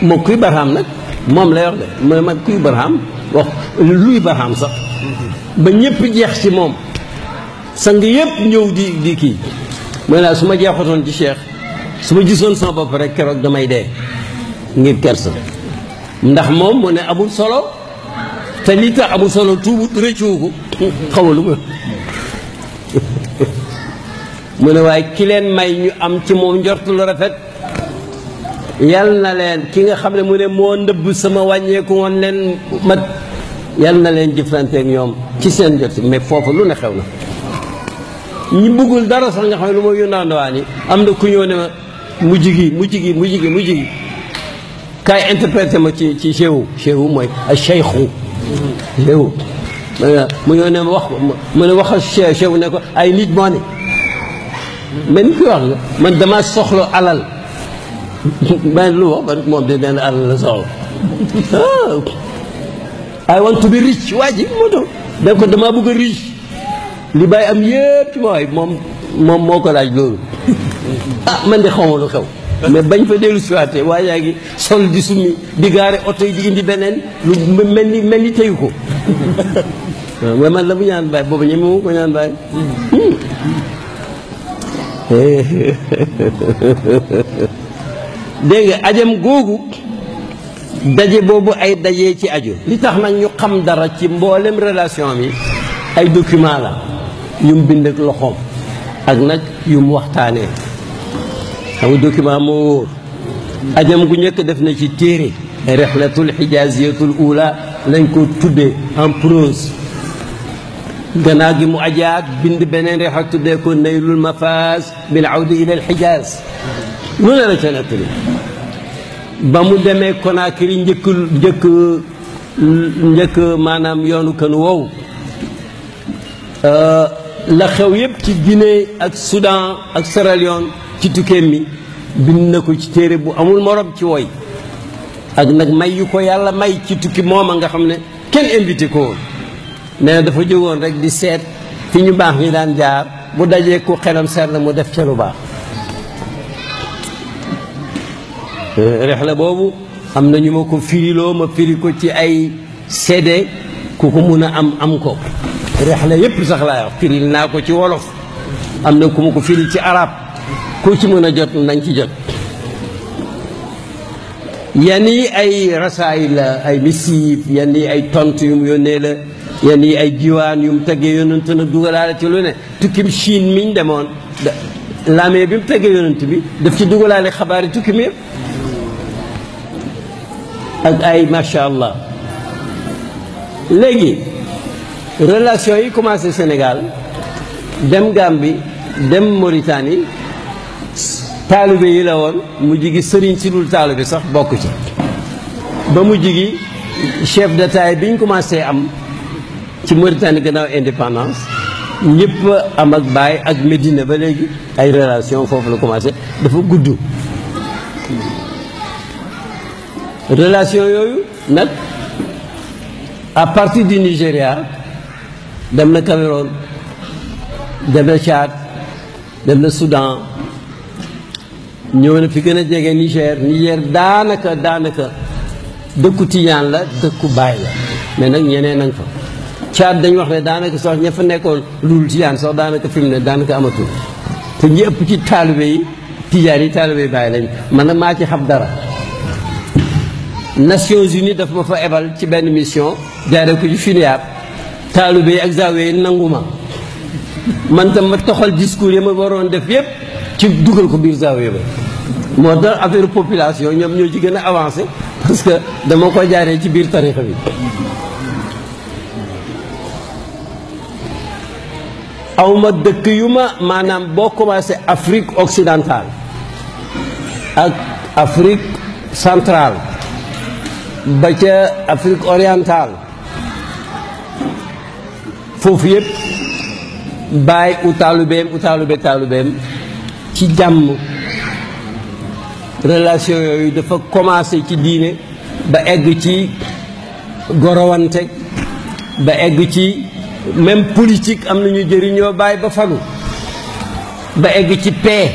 Speaker 1: moo kuy barxaam nag moom la yor de ma mag kuy barxaam wax luy barxaam sax ba ñëpp jeex ci moom sang yëpp ñëw di di kii mooy laa su ma jeexatoon ci seex su ma gisoon sama bopp rek keroog damay dee ngir kersa ndax moom mu ne amul solo te lii tax amul solo tuubu rëccuwu ko lu ma mu ne waaye ki leen may ñu am ci moom njortu lu rafet yal na leen ki nga xam ne mu ne moo ndëbb sama wàññeeku woon leen mat yal na leen jëflanteeg ñoom ci seen jot mais foofu lu ne xew na ñi bëggul dara sax nga xam ne lu ma yundaandowaa yi am na ku ñëw ne ma mujj gi mujj gi mujj gi mujj gi kaay interprété ma ci ci chehu chehu mooy a cheikhu chehu mu ñëw ne ma wax mu ne waxal chehu ne ko ay nit moo ne mais ni koy wax man dama soxla alal man lu ma man moom de nee na la soxla ah, I want to be rich waa ji moo tax da ko damaa bëgg a rich li bàyyi am yëpp ci ma waay moom moom moo ko laaj loolu ah man de xawma lu xew mais bañ fa dellu siwaate waa yaa di summi di gaare oto beneen lu mel ni mel ni teyu ko ah, man la mu ñaan bàyyi boobu ñeme mu ko ñaan bàyyi hmm. léegi ajam googu daje boobu ay daje ci ajo li tax nag ñu xam dara ci mboolem relation bi ay document la yum bind ak loxoom ak nag yum waxtaanee xam nga document moo wóor ajam gu njëkk def na ci téere rexlatul xijaaziyatul ula lañ ko tuddee en prose gannaaw gi mu ajaat bind beneen reex ak tuddee ko naylul mafaas bil awdi ila al xijaas ne la ca nettali ba mu demee Conakry njëkk njëkk njëkk maanaam yoonu kan woowu euh, la xew yëpp ci Guinée ak Soudan ak Sierra ci tukkeem mi bind na ko ci téere bu amul moroom ci woy ak nag may yu ko yàlla may ci tukki mooma nga xam ne kenn invité ko woon nee dafa jógoon rek di seet fi ñu baax ñi daan jaar bu dajee ku xelam seet la mu def ca lu baax euh, rexle boobu am na ñu ma ko firiloo ma firi ko ci ay CD ku ko mun a am am ko rexla yépp sax laa firil naa ko ci wolof am na ku ma ko firil ci arab ku ci mën a jot nañ ci jot yan yi ay rasaay la ay missive yan yi ay tontu yu mu yónnee la yenn yi ay jiwaan yu mu teggee yonent na dugalaale ci lu ne tukkim Chine miñ demoon da laamee bi mu teggee yonent bi daf ci dugalaale xabaar yi tukkim yëpp ak ay macha allah léegi relation yi commencé Sénégal dem Gambie dem Mauritanie taalibe yi la woon mu jigi sëriñ si dul taalibe sax bokk ci ba mujj gi chef d'état biñ commencé am ci Mauritanie gannaaw indépendance ñëpp am ak baay ak Médina ba léegi ay relation foofu la commencé dafa gudd relation yooyu nag à partir du Nigéria dem na Cameroun dem na Tchad dem na Soudan ñëw na fi gën a jege Niger Niger daanaka daanaka dëkku Tijaan la dëkku Baay la mais nag ñeneen a fa caat dañ wax ne daanaka sax ña fa nekkoon lu dul tijaan sax daanaka fi mu ne daanaka amatul te ñu ëpp ci taalibe yi tijaan yi taalibe yi bàyyi lañ man maa ci xam dara Nations Unies daf ma fa ebal ci benn mission jaare ko ci FINEAB taalibe ak zaawe nangu ma man tam ma toxal discours yi ma waroon def yépp ci dugal ko biir zaawe ba moo tax affaire population ñoom ñoo ci gën a avancé parce que dama ko jaaree ci biir tarix bi awma dëkk yu ma maanaam boo commencé Afrique occidentale ak Afrique central ba ca Afrique oriental foofu yëpp bàyyi u taalubeem u taalube ci jàmm relation yooyu dafa commencé ci diine ba egg ci gorowante ba egg ci même politique am na ñu jëriñoo bàyyi ba falu ba egg ci paix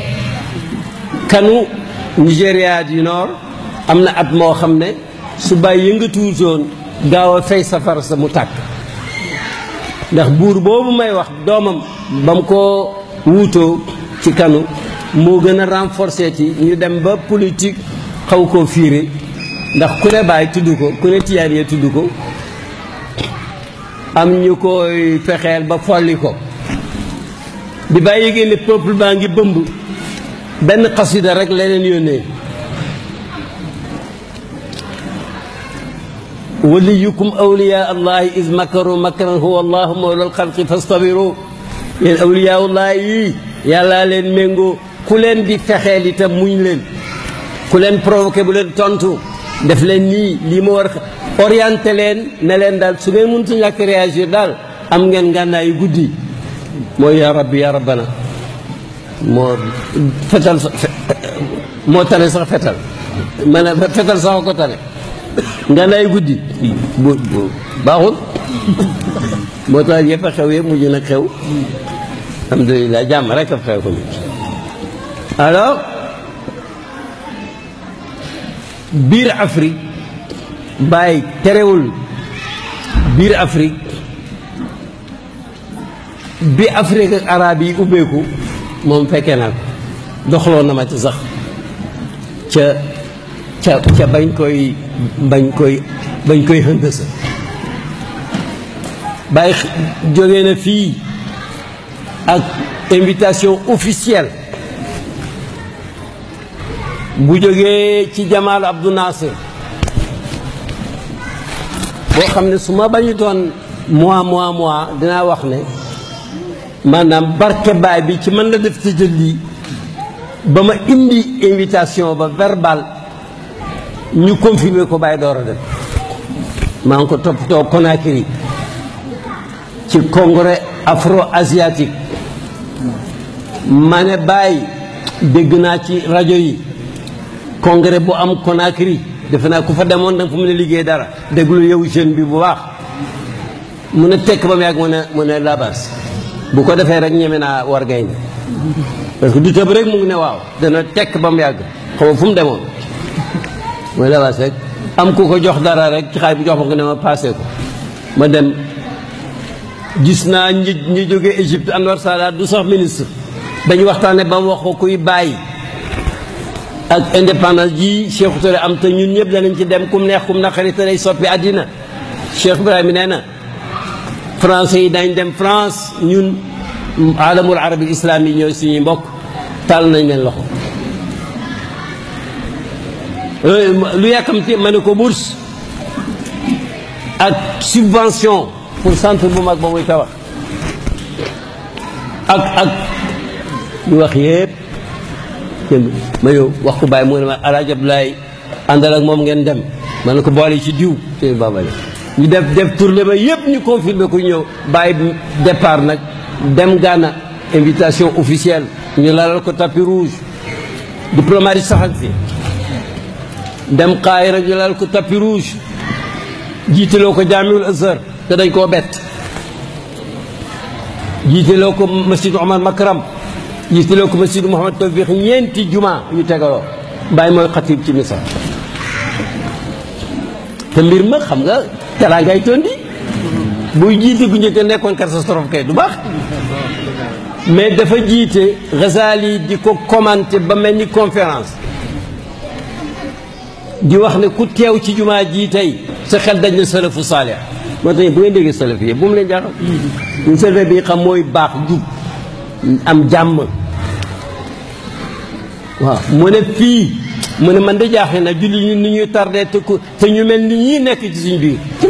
Speaker 1: kanu nigeria du Nord am na at moo xam ne su bàyyi yëngatuwul woon gaaw a fay safara sa mu tàkk ndax buur boobu may wax doomam ba mu ko wuutoo ci kanu moo gën a renforcer ci ñu dem ba politique xaw koo fiire ndax ku ne bàyyi tudd ko ku ne tiyaar ya tudd ko am ñu koy fexeel ba folli ko bi bàyyi yégée ne peuple baa ngi bëmb benn xasida rek la leen yónnee waliyukum awliyaa allahi is makaru makran huwa allahu mawlal xalqi fastabiru yéen awliyaullahi yi yàllaa leen méngoo ku leen di fexeel itam muñ leen ku leen provoqué bu leen tontu def leen nii lii ma war a orienté leen ne leen daal su ngeen mënut a ñàkk réagir daal am ngeen ngànnaay guddi mooy yaa rabbi yaa rabbana moo fetal moo tane sax fetal ma ne fetal sax a ko ngànnaay guddi bu baaxul moo tax yëpp a xew yëpp mujj na xew alhamdulilah jàmm rek a xew ko alors biir Afrique bàyyi terewul biir Afrique bi Afrique ak araab yi ubbeeku moom fekkee naa ko doxloo na ma ci sax ca ca bañ koy bañ koy bañ koy hëndësa bàyyi jógee na fii ak invitation officielle bu jógee ci Jamal Abdou Nasser boo xam ne su ma bañu doon mois mois mois dinaa wax ne maanaam barke baay bi ci man la def ci jël lii ba ma indi invitation ba verbal ñu confirmer ko bàyyi door a dem maa ngi ko toppatoo Conakry ci congrès afro asiatique ma ne bàyyi dégg naa ci rajo yi congrès bu am Conakry defe naa ku fa demoon da nga fa mën a liggéey dara déglu yow jeune bi bu baax mun a tekk ba mu yàgg mu ne mu bu ko defee rek ñeme naa war gaynde parce que du tëb rek mu ngi ne waaw dana tekk ba mu yàgg xaw fu mu demoon mooy labas rek am ku ko jox dara rek ci xaay bu jox ma ko ne ma passé ko ma dem gis naa ñi ñi jóge Égypte Anwar Sadat du sax ministre dañu waxtaane ba mu wax ko kuy bàyyi ak indépendance ji Cheikh Touré am te ñun ñëpp danañ ci dem kum neex kum naqari te day soppi àddina Cheikh Ibrahima nee na français yi dañ dem France ñun alamul arabi islam yi ñooy suñuy mbokk tàll nañ leen loxo euh, lu yàkkamti ma ne ko bourse ak subvention pour centre bu mag ba muy tabax ak ak ñu wax yëpp jënd ma yow wax ko bàyyi moo ne ma alaaj Ablaay àndal ak moom ngeen dem man ne ko boole ci diw sëñ Babale ñu def def tournée ba yëpp ñu confirmé ku ñëw bàyyi départ nag dem Ghana invitation officielle ñu lalal ko tapis rouge diplomate yi saxal fi dem Kaayra ñu lalal ko tapis rouge jiiteloo ko jaamiul azhar te dañ koo bett jiiteloo ko masjid Omar Makram jiitaloo ko Masjidu Mouhamad Tawfiq ñeenti juma yu tegaloo bàyyi mooy xatib ci Misra te mbir ma xam nga teraangay tondi buy jiite gu njëkk nekkoon catastrophe kay du baax mais dafa jiite Ghazali di ko commenté ba mel ni conférence di wax ne ku teew ci jumaa jii tey sa xel dañ na salafu saalih moo tax bu ngeen déggee salaf yi bu mu leen jaaxal ñun mm-hmm. salaf bi xam mooy baax jub am jàmm waaw mu ne fii mu ne man de jaaxle na julli ñu ni ñuy tardé te ku te ñu mel ni ñii nekk ci suñ biir ci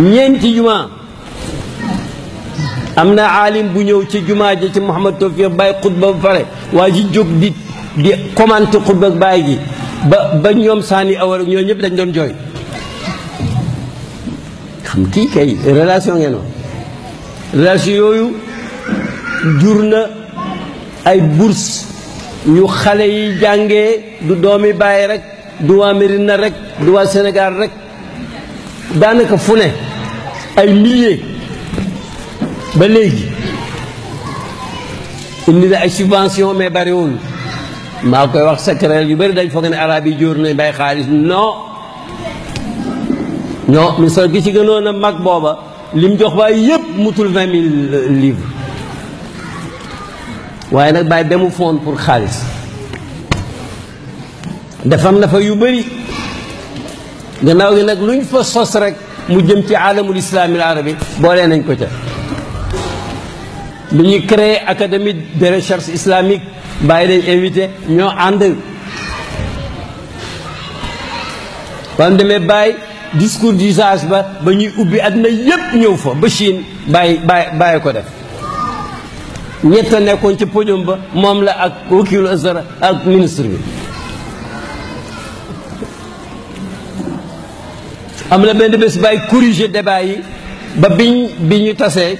Speaker 1: ñeenti jumaa am na aalim bu ñëw ci jumaa ji ci Mouhamad Tawfiq bàyyi xutba ba pare waa ji jóg di di commenté xutba bàyyi ji ba ba ñoom sànni awar ñoo ñëpp dañ doon jooy xam kii kay relation ngeen wax relation yooyu jur na ay bourse ñu xale yi jàngee du doomi bàyyi rek du waa Mérina rek du waa Sénégal rek daanaka fu ne ay milliers ba léegi indi na ay subvention mais bariwul maa koy wax secret yu bari dañ foog ne arab yi jóor nañ bay xaalis non non misaal gi ci gënoon a mag booba lim jox baay yépp mutul vingt mille euh, livres waaye nag baay demu foon pour xaalis defam na fa yu bëri gannaaw gi nag luñ fa sos rek mu jëm ci aalamul islaamil arabi boole nañ ko ca lu ñuy créé académie de recherche islamique bàyyi dañ invité ñoo ànd ba mu demee bàyyi discours d'usage ba ba ñuy ubbi àdduna yépp ñëw fa ba Chine bàyyi bàyyi bàyyi ko def ñett a nekkoon ci podium ba moom la ak wakilu asara ak ministre bi am na benn bés bàyyi corriger débat yi ba biñ bi ñu tasee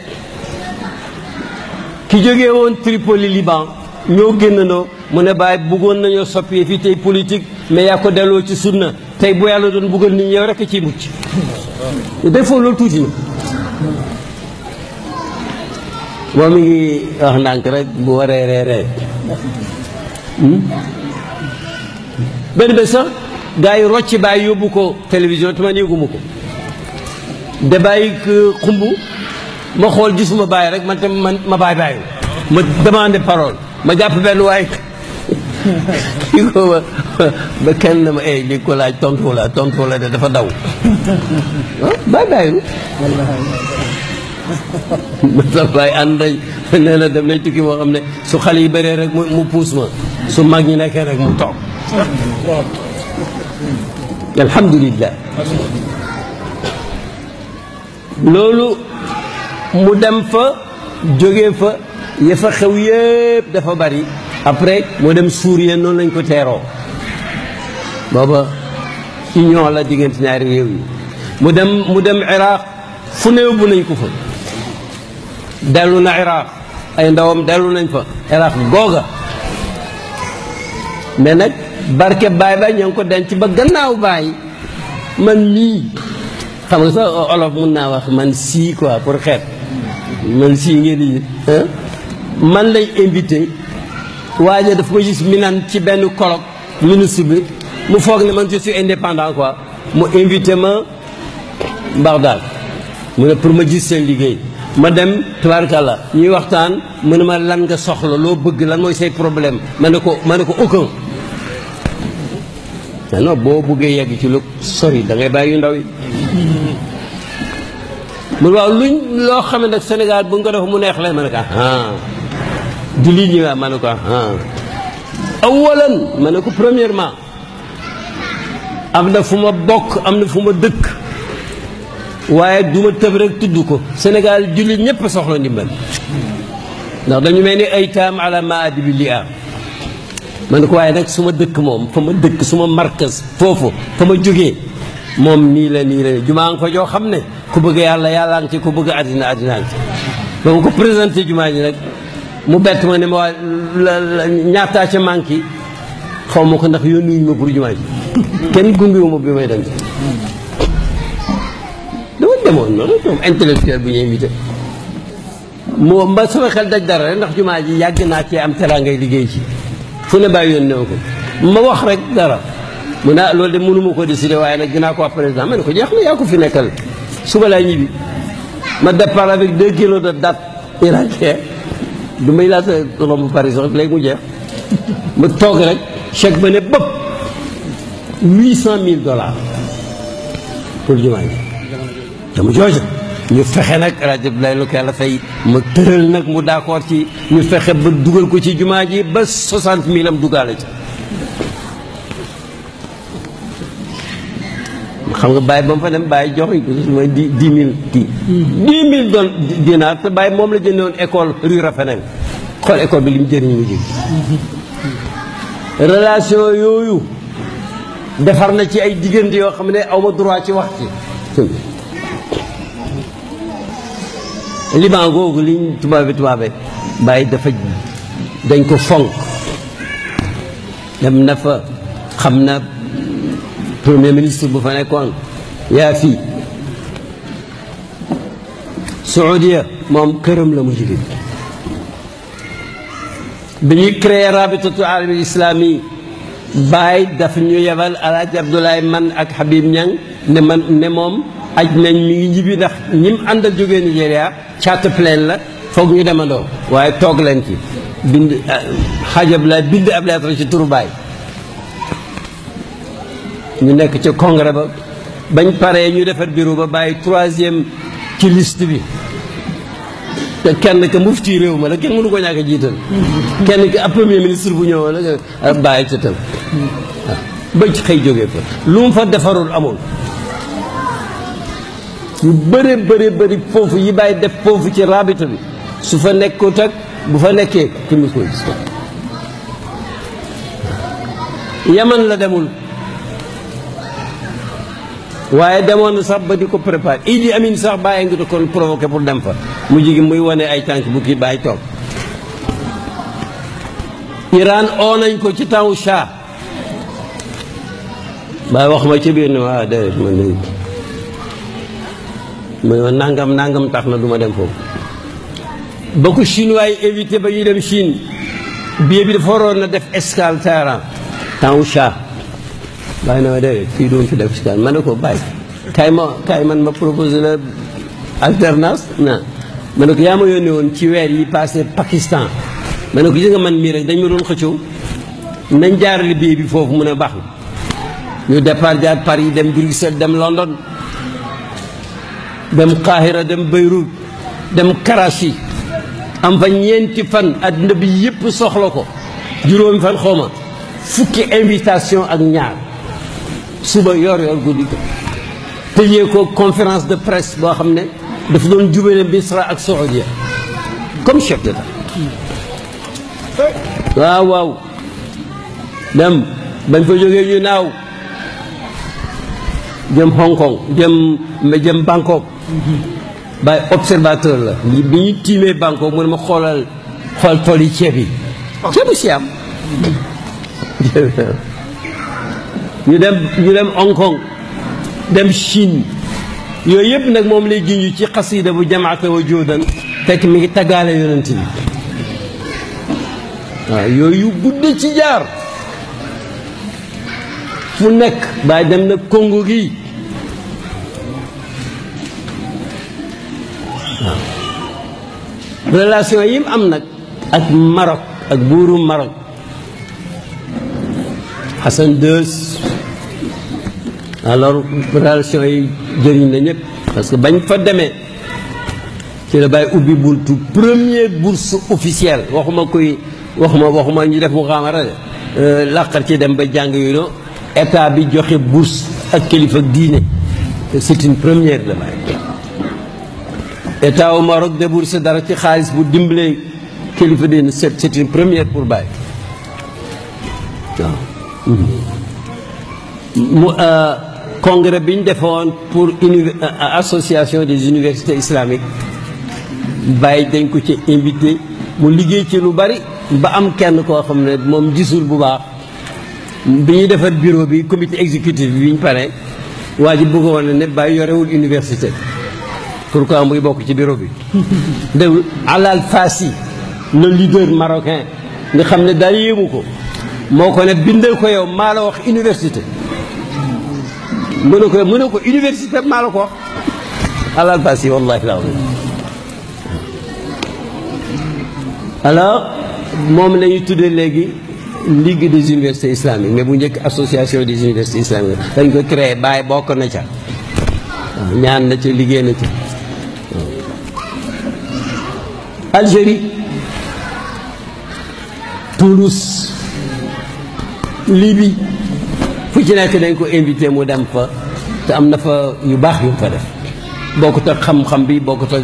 Speaker 1: ki jógee woon Tripoli Liban ñoo noo mu ne bàyyi buggoon nañoo soppi fii tey politique mais yaa ko delloo ci sunna tey bu yàlla doon buggal nit ñi yow rekk ciy mucc day foofu loolu tuuti na moom mi ngi wax ndànk rek bu waree ree ree hmm? benn sax gars yi rocc bàyyi yóbbu ko télévision te man yëguma ko de bàyyi xumb ma xool gisuma baay rek man tam ma bàyyi bàyyi ma demandé parole ma jàpp benn waaye kii ko ba eh, ba kenn ma ay eh, di ko laaj tontu la tontu de dafa daw bàyyi bàyyi masa bàyyi nañ nee na su xale yi baree rek mu puus ma su mag ñi nekkee rek mu toog alhamdulilah loolu mu dem fa jóge fa ya fa xew yëpp dafa bari après moo dem Suuriya noonu lañ ko teeroo booba union la diggante ñaari réew yi mu dem mu dem Iraq fu new bu nañ ko fa dellu na Iraq ay ndawam dellu nañ fa Iraq googa mais nag barke baay ba ñoo ngi ko denc ba gannaaw baay man mii xam nga sax olof mun naa wax man sii quoi pour xeet man sii ngeen di man lañ invité waaye daf ko gis minan ci benn colloque ministre bi mu foog ne man je suis indépendant quoi mu invité ma daal mu ne pour ma gis seen liggéey ma dem tabaarkalla ñuy waxtaan mu ne ma lan nga soxla loo bëgg lan mooy say problème ma ne ko ma ne ko aucun non boo buggee yegg ci lu sori da ngay bàyyi yu ndaw yi mu waaw luñ loo xam ne nag Sénégal bu nga def mu neex la ma ne ko ah jullit ñi nga ma ne ko ah awalan ma ne ko premièrement am na fu ma bokk am na fu ma dëkk waaye du ma tëb rek tudd ko Sénégal jullit ñëpp soxla ndimbal ndax dañu mel ni ay taam ala ma addi bi li am ma ko waaye nag su ma dëkk moom fa ma dëkk su ma markas foofu fa ma jógee moom nii la nii la jumaa nga ko joo xam ne ku bëgg yàlla yàlla ngi ci ku bëgg àddina àddina ngi ci ba ma ko présenté jumaa ji nag mu bett ma ne ma waa ñaataa ca manqué xaw ma ko ndax yónniwuñ ma pour jumaa ji kenn gungewu ma bi may dem dama demoon noonu moom intellectuel bu ñu invité moo ma sama xel daj dara rek ndax jumaa ji yàgg naa cee am teraa ngay liggéey ci fu ne bàyyi yónnee ma ko ma wax rek dara mu ne ah, loolu de mënuma ko décider waaye nag dinaa ko wax président ma ne ko jeex na yaa ko fi nekkal suba laa ñibbi ma départ avec deux kilos de date irakienne du may laata romb Paris sax léegi mu jeex ma toog rek chèque ba ne bëpp huit cent mille dollars pour jumaa ji dama jooju ñu fexe nag rajo bi lay lu ko yàlla fay ma tëral nag mu d'accord ci ñu fexe ba dugal ko ci jumaa ji ba soixante mille am dugaale ci xam nga bàyyi ba mu fa dem bàyyi jox ko mooy di dix mille kii. dix mille doon dinaar te bàyyi moom la jëndee woon école rue Rafenem xool école bi li mu jëriñu mu jëg relation yooyu defar na ci ay diggante yoo xam ne aw ma droit ci wax ci. liban googu liñ tubaabe tubaabe bàyyi dafa dañ ko fonk dem na fa xam na. premier ministre bu fa nekkoon yaa fii Saoudia moom këram la mu jigéen bi ñuy créé rabitatu alami islami daf ñu yebal alaaj Abdoulaye man ak Habib Niang ne man ne moom aj nañ mi ngi ñibbi ndax ñim àndal jógee Nigéria charter-plane la foog ñu demandoo waaye toog leen ci bind xaaj ah, Abdoulaye bind ab lettre ci turu Baye ñu nekk ci congrès ba bañ paree ñu defar bureau ba bàyyi troisième ci list bi te kenn ka mufti réew ma la kenn mënu ko ñàkk a jiital kenn ka ab ministre bu ñëw la bàyyi ca tam ah, xëy jógee fa lu mu fa defarul amul yu bëri bëri bëri foofu yi bàyyi def foofu ci rabita bi su fa nekkut ak bu fa nekkee ki koy yaman la demul waaye demoon na sax ba di ko préparé Idi Amin sax bàyyi ngi ko provoqué pour dem fa mu jig muy wone ay tànk bu kii bàyyi toog Iran oo nañ ko ci temps Shah bàyyi wax ma ci biir ne waaw déedéet man de muy nangam nangam tax na du ma dem foofu ba ko chinois yi évité ba ñuy dem Chine bi bi dafa waroon na def escale Téhéran temps Shah bàyyi na ma déedéet fii du fi def si kan ma ne ko bàyyi kaay kaay man ma proposé la alternance na ma ne ko yaa ma yónnee woon ci weer yi passé Pakistan ma ne ko gis nga man mii rek dañ ma doon xëccoo nañ jaarale bii bi foofu mun a baax ñu départ jaar Paris dem Bruxelles dem London dem Qahira dem Beyrouth dem Karachi am fa ñeenti fan àdduna bi yëpp soxla ko juróomi fan xaw ma fukki invitation ak ñaar suba yor-yor guddi tëjee ko conférence de presse boo xam ne dafa doon jubale Misra ak Saoudia comme chef d'état waaw waaw dem bañ fa jógee ñu naaw jëm Hong Kong jëm jëm Bangkok bàyyi observateur la bi ñuy tiimee Bangkok mu ne ma xoolal xool tool yi ceeb yi ceebu am ñu dem ñu dem Hong Kong dem Chine yooyu yëpp nag moom lay junj ci xasida bu jamaata wa jóodan fekk mi ngi taggaale yonent bi waaw yooyu gudd ci jaar fu nekk bàyyi dem na Congo gi waaw relation yim am nag ak Maroc ak buuru Maroc Hassan II alors relation jëriñ na ñëpp parce que bañ fa demee ci la bàyyi ubbi buntu première bourse officielle waxuma kuy waxuma waxuma ñu def mu xaamara de euh, làqar ci dem ba jàng yu no état bi joxe bourse ak kilifa diine c'est première la bàyyi état dara ci xaalis bu dimbalee kilifa diine c'est une première pour congrès bi ñu defoon pour une euh, association des universités islamiques bàyyi dañ ko ci invité mu liggéey ci lu bari ba am kenn koo xam ne moom gisul bu baax bi ñuy defar bureau bi comité exécutif bi ñu pare waa ji bëggoon na ne bàyyi yorewul université pourquoi muy bokk ci bureau bi de Alal Fassi le leader marocain nga xam ne daal yéemu ko moo ko ne bindal ko yow maa la wax université mu ne ko mu ne ko université maa ko alal basi wallahi laa alors moom la ñu tuddee léegi ligue des universités islamiques mais bu njëkk association des universités islamiques dañ ko créé bàyyi bokk na ca ñaan na ca liggéey na ca Algérie Toulouse Libye ku ci nekk dañ ko invité mu dem fa te am na fa yu baax yu mu fa def bokkut ak xam-xam bi bokkut ak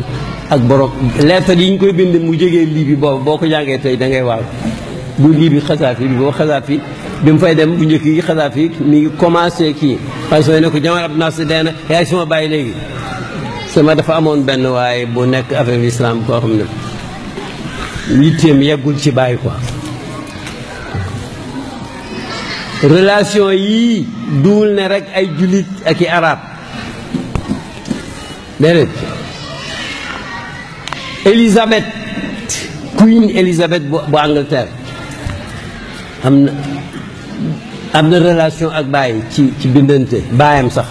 Speaker 1: ak borom lettre yi ñu koy bind mu jógee lii bi boobu boo ko jàngee tey da ngay bu lii bi xasaafi bi boo xasaafi bi mu fay dem bu njëkk yi xasaafi mi ngi commencé kii waaye soo ne ko jamono ab nas dee na yaay suma bàyyi léegi sama dafa amoon benn waaye bu nekk affaire islam koo xam ne yitteem yeggul ci bàyyi quoi relation yii duul ne rek ay julit ak i arab déedéet Elizabeth Queen Elizabeth bu Angleterre am na relation ak bàyyi ci ci bindante baayam sax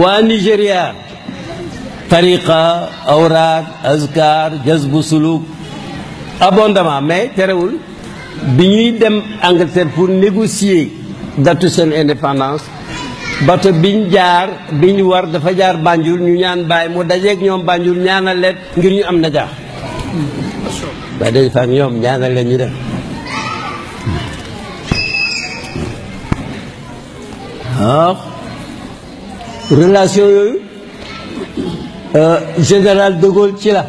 Speaker 1: waa Nigéria tariqa awraad azkar jazbu suluk abondamment mais terewul bi ñuy dem Angleterre pour négocier datu seen indépendance bato biñ jaar bi biñ war dafa jaar Banjul ñu ñaan bàyyi mu dajeeg ñoom Banjul ñaanal leen ngir ñu am na jaax ñoom ñaanal leen ñu dem relation yooyu euh, général de Gaulle ci la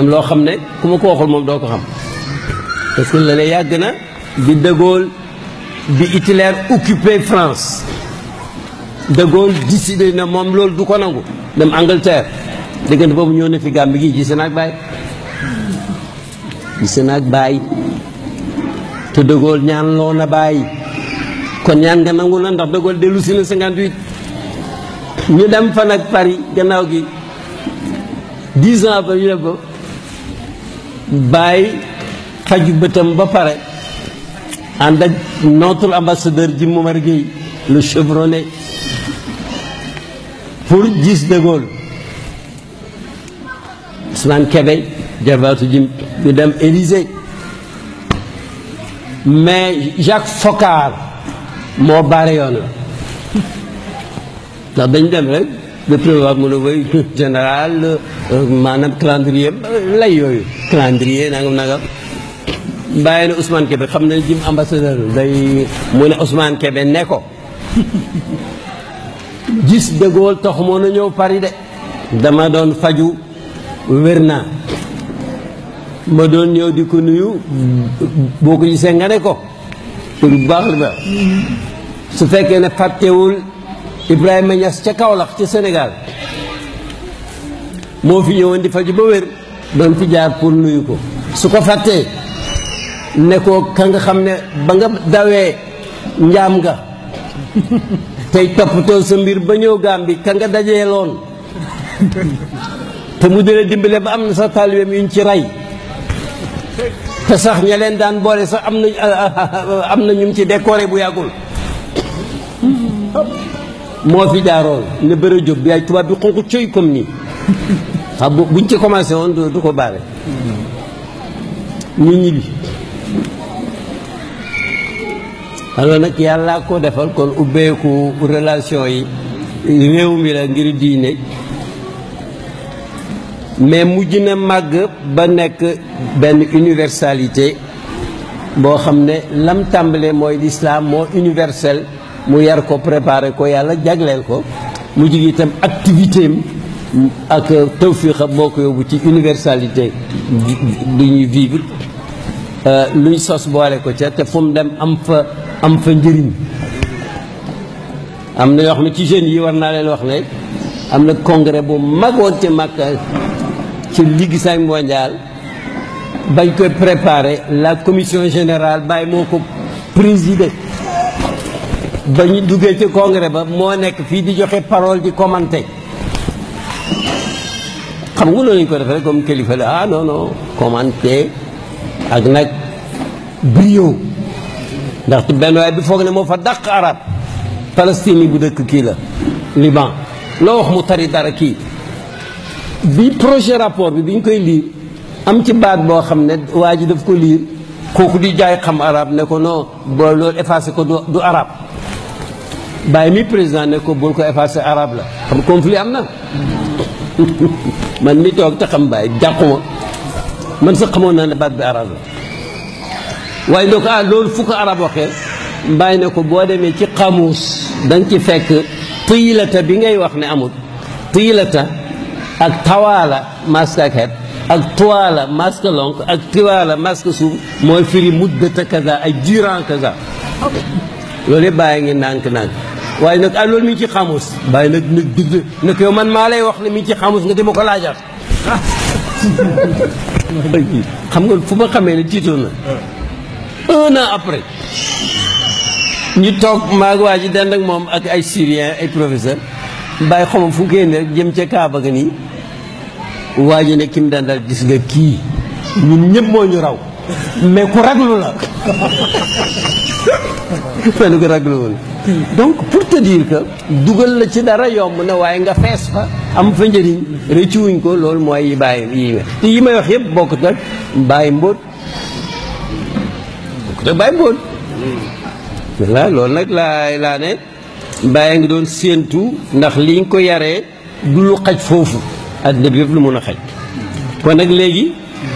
Speaker 1: ci loo xam ne ku ma ko waxul moom doo ko xam parce que la yàgg na bi de Gaulle bi Hitler occupé France de Gaulle décidé na moom loolu du ko nangu dem Angleterre diggante boobu ñëw na fi Gàmbi gi gise naag bàyyi gise naag bàyyi te de ñaan loo na bàyyi kon ñaan nga nangu la ndax de Gaulle dellu si na 58 ñu dem fa nag Paris gannaaw gi 10 ans ba ñu def bàyyi xaju bëtam ba pare ànd ak notre ambassadeur ji Momar Gueye le chevronné pour gis de Gaulle Ousmane jarbaatu ji ñu dem Élysée mais Jacques Foccart moo bare yoon la ndax dañ dem rek le prévoir mu ne way général euh, maanaam calendrier lay yooyu calendrier nangam nangam bàyyi na Ousmane Kébé xam na jim ambassadeur day mu ne Ousmane Kébé ne ko gis de Gaulle tax moo na ñëw Paris de dama doon faju wér naa ma doon ñëw di ko nuyu boo ko gisee nga ne ko bu baax la su fekkee ne fàttewul Ibrahima Niass ca Kaolack ci senegaal moo fi ñëwoon di faju ba wér doon fi jaar pour nuyu ko su ko fàttee ne ko ka xam ne ba nga dawee njaam nga tey toppatoo sa mbir ba ñëw gaam bi ka nga dajee loon te mu dina dimbale ba am na sax taalibeem yuñ ci rey te sax ña daan boole sax am na am na ñu ci décoré bu yàggul moo fi jaaroon ne bëre jóg bi ay tubaab bi xonq coy comme nii waaw buñ ci commencé woon du ko baare ñu ñibbi alors nag yàllaa ko defal kon ubbeeku relation yi réew mi la ngir diine mais mujj na màgg ba nekk benn universalité boo xam ne lam tàmbalee mooy lislaam moo universel mu yar ko préparer ko yàlla jagleel ko mu jig itam activité ak tawfiixam moo ko yóbbu ci universalité du ñuy vivre euh, luñ sos boole ko ca te fu mu dem am fa am fa njëriñ am na yoo xam ne ci jeunes yi war naa leen wax ne am na congrès bu mag woon ci Makka ci Ligue cinq mondiale bañ koy préparé la commission générale bàyyi moo ko présider ba ñu duggee ci congrès ba moo nekk fii di joxe parole di commenter xam nga loolu lañ ko defee comme kilifa la ah non commenter ak nag brio ndaxte benn waaye bi foog ne moo fa dàq arab palestine yi bu dëkk kii la liban loo wax mu tari dara kii bi projet rapport bi bi ñu koy liir am ci baat boo xam ne waa ji daf ko liir kooku di jaay xam arab ne ko non boo loolu effacé ko du arab bàyyi mi président ne ko bul ko effacé arabe la xam conflit am na man mi toog te xam bàyyi jàquma man sax xamoon naa ne baat bi arabe la waaye doo ko ah loolu fu ko waxee bàyyi ne ko boo demee ci xamuus danga ci fekk tiilata bi ngay wax ne amul tiilata ak tawaala masque ak xeet ak tuwaala masque lonk ak tiwaala masque suuf mooy firi muddata kaza ay durant kaza loolu yëpp bàyyi ngi nànk-nànk waaye nag ah loolu mi ngi ci xamus waaye nag nag yow man maa lay wax ne mi ngi ci xamus nga di ma ko laajaat xam nga fu ma xamee ne tiitoon na un après ñu toog maag waa ji dend ak moom ak ay syrien ay professeur bàyyi xamam fu ngeen rek jëm ca Kaaba ga nii waa yi ne kim dandal gis nga kii ñun ñëpp moo ñu raw mais ku raglu la fay lu ko raglu woon donc pour te dire que dugal na ci dara yomb na waaye nga fees fa am fa njëriñ rëccuwuñ ko loolu mooy yi bàyyi yi te yi may wax yëpp bokk nag bàyyi mbóot bokk nag bàyyi loolu nag laa laa ne bàyyi ngi doon séentu ndax liñ ko yaree du lu xaj foofu ak bi yëpp lu mun a xaj kon nag léegi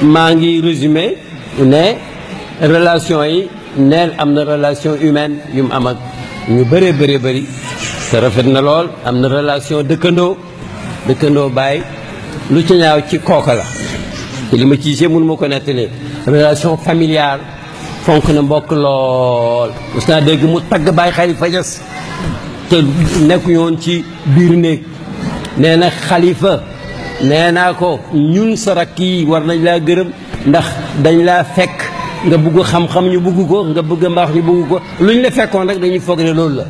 Speaker 1: maa ngi résumé ne relation yi neen am na relation humaine yu mu am ak ñu bëree bëree bëri te rafet na lool am na relation dëkkandoo dëkkandoo baay lu ci ñaaw ci kooka la te li ma ci gisee mënu ma ko nettali relation familiale fonk na mbokk lool mos naa dégg mu tagg baay xalifa Ñas te nekkuñu woon ci biir néeg nee na xalifa nee naa ko ñun sa rakk yi war nañ laa gërëm ndax dañ laa fekk nga bugg xam-xam ñu bugg ko nga bëgg mbaax ñu bugg ko lu ñu la fekkoon rek dañuy foog ne loolu la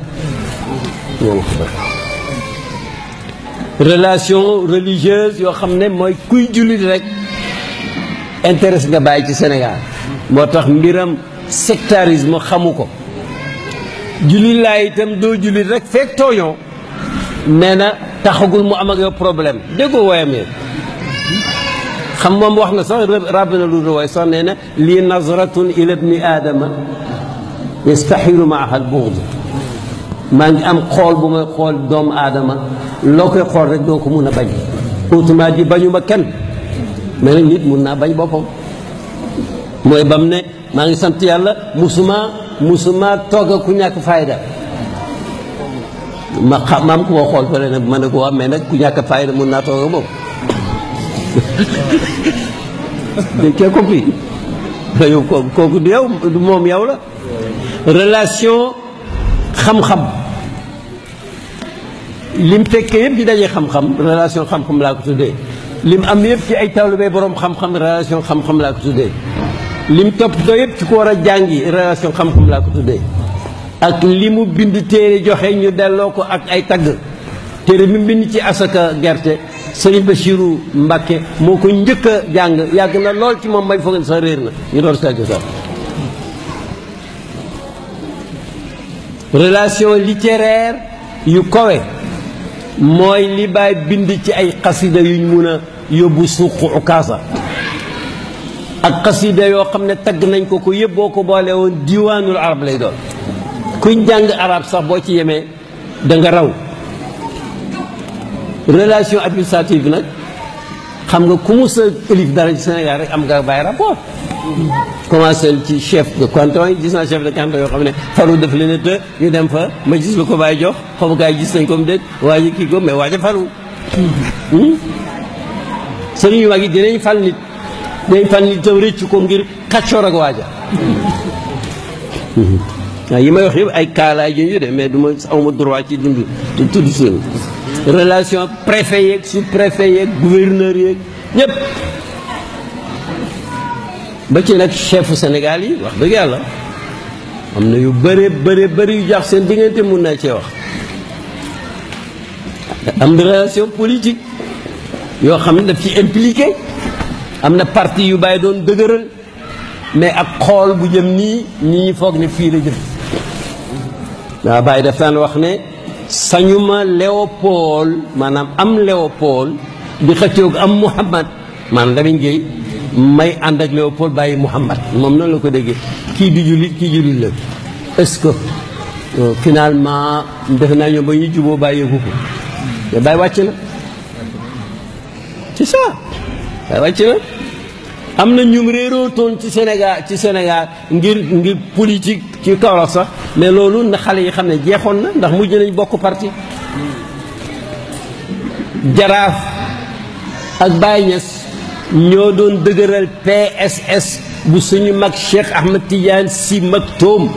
Speaker 1: relation religieuse yoo xam ne mooy kuy jullit rek intéresse nga bàyyi ci Sénégal moo tax mbiram sectarisme xamu ko jullit laa itam doo jullit rek fekk tooñoo nee na taxagul mu am ak yow problème déggoo waayam xam moom wax na sax ràbb na lu waaye sax nee na lii nazratun ila ibni aadama yastaxilu maaha albuxd maa ngi am xool bu may xool doomu aadama loo koy xool rek doo ko mun a bañ autrement di bañu ma kenn mais nag nit mun naa bañ boppam mooy bam ne maa ngi sant yàlla musuma maa togg ku ñàkk fayda ma xam maam ku ma xool fële ne ma ne ko waa mais nag ku ñàkk fayda mun naa togg moom tu as compris yow kooku du yow moom yow la relation xam-xam lim fekkee yëpp di dajee xam-xam relation xam-xam laa ko tuddee lim am yëpp ci ay taalube borom xam-xam relation laa ko tuddee lim toppatoo yëpp ci ko war a jàngi relation xam-xam laa ko tuddee ak li mu bind téere joxe ñu delloo ko ak ay tagg téere bi mu bind ci asaka gerte Serigne Bachirou Mbacke moo ko njëkk jàng yàgg na lool ci moom may foog sa réer na ñu door sa cosaan relation littéraire yu kowe mooy li baay bind ci ay xasida yuñ mun a yóbbu suuqu ukaasa ak xasida yoo xam ne tagg nañ ko ko yëpp boo ko boole woon diwaanul arab lay doon kuñ jàng arab sax boo ci yemee da nga raw relation administrative bi nag xam nga ku mu sa élif dara ci Sénégal rek am nga baay rapport commencé ci chef de canton yi gis naa yoo xam ne faru daf leen a fa ma gis lu ko bàyyi jox xaw yi gis nañ koom mu dégg kii ko mais waaja ji faru. Hmm? sëriñ waa gi dinañ fal nit dinañ fal nit tam rëcc ko ngir kàccoor ak waaja hmm. waaw yi may wax yëpp ay cas laay junj de mais du ma awma droit ci dund te tudd seen relation préfet yeeg sous préfet yeeg gouverneur yeeg ñëpp ba ci nag chefu senegal yi wax dëgg yàlla am na yu bëree bëri bëri yu jaax seen diggante mun naa cee wax am na relation politique yoo xam ne daf ci impliqué am na parti yu bàyyi doon dëgëral mais ak xool bu jëm nii ñi foog ne fii la jëm waaw bàyyi daf daan wax ne sañuma Léopold maanaam am Léopold bi xëccoog am Muhammad maanaam Lamine Gueye may ànd ak Léopold bàyyi Muhammad moom noonu la ko déggee kii di jullit kii jullit la est-ce que euh, finalement defe naa ñoom ba ñu juboo bàyyeeku ko mais bàyyi wàcc na ci ça bàyyi wàcc na am na ñu réeroo toon ci Sénégal ci Sénégal ngir ngir politique ci Kaolack sax mais loolu na xale yi xam ne jeexoon na ndax mujj nañ bokk parti jaraaf ak Baye Niass ñoo doon dëgëral PSS bu suñu mag Cheikh Ahmed Tidiane Sy Maktoum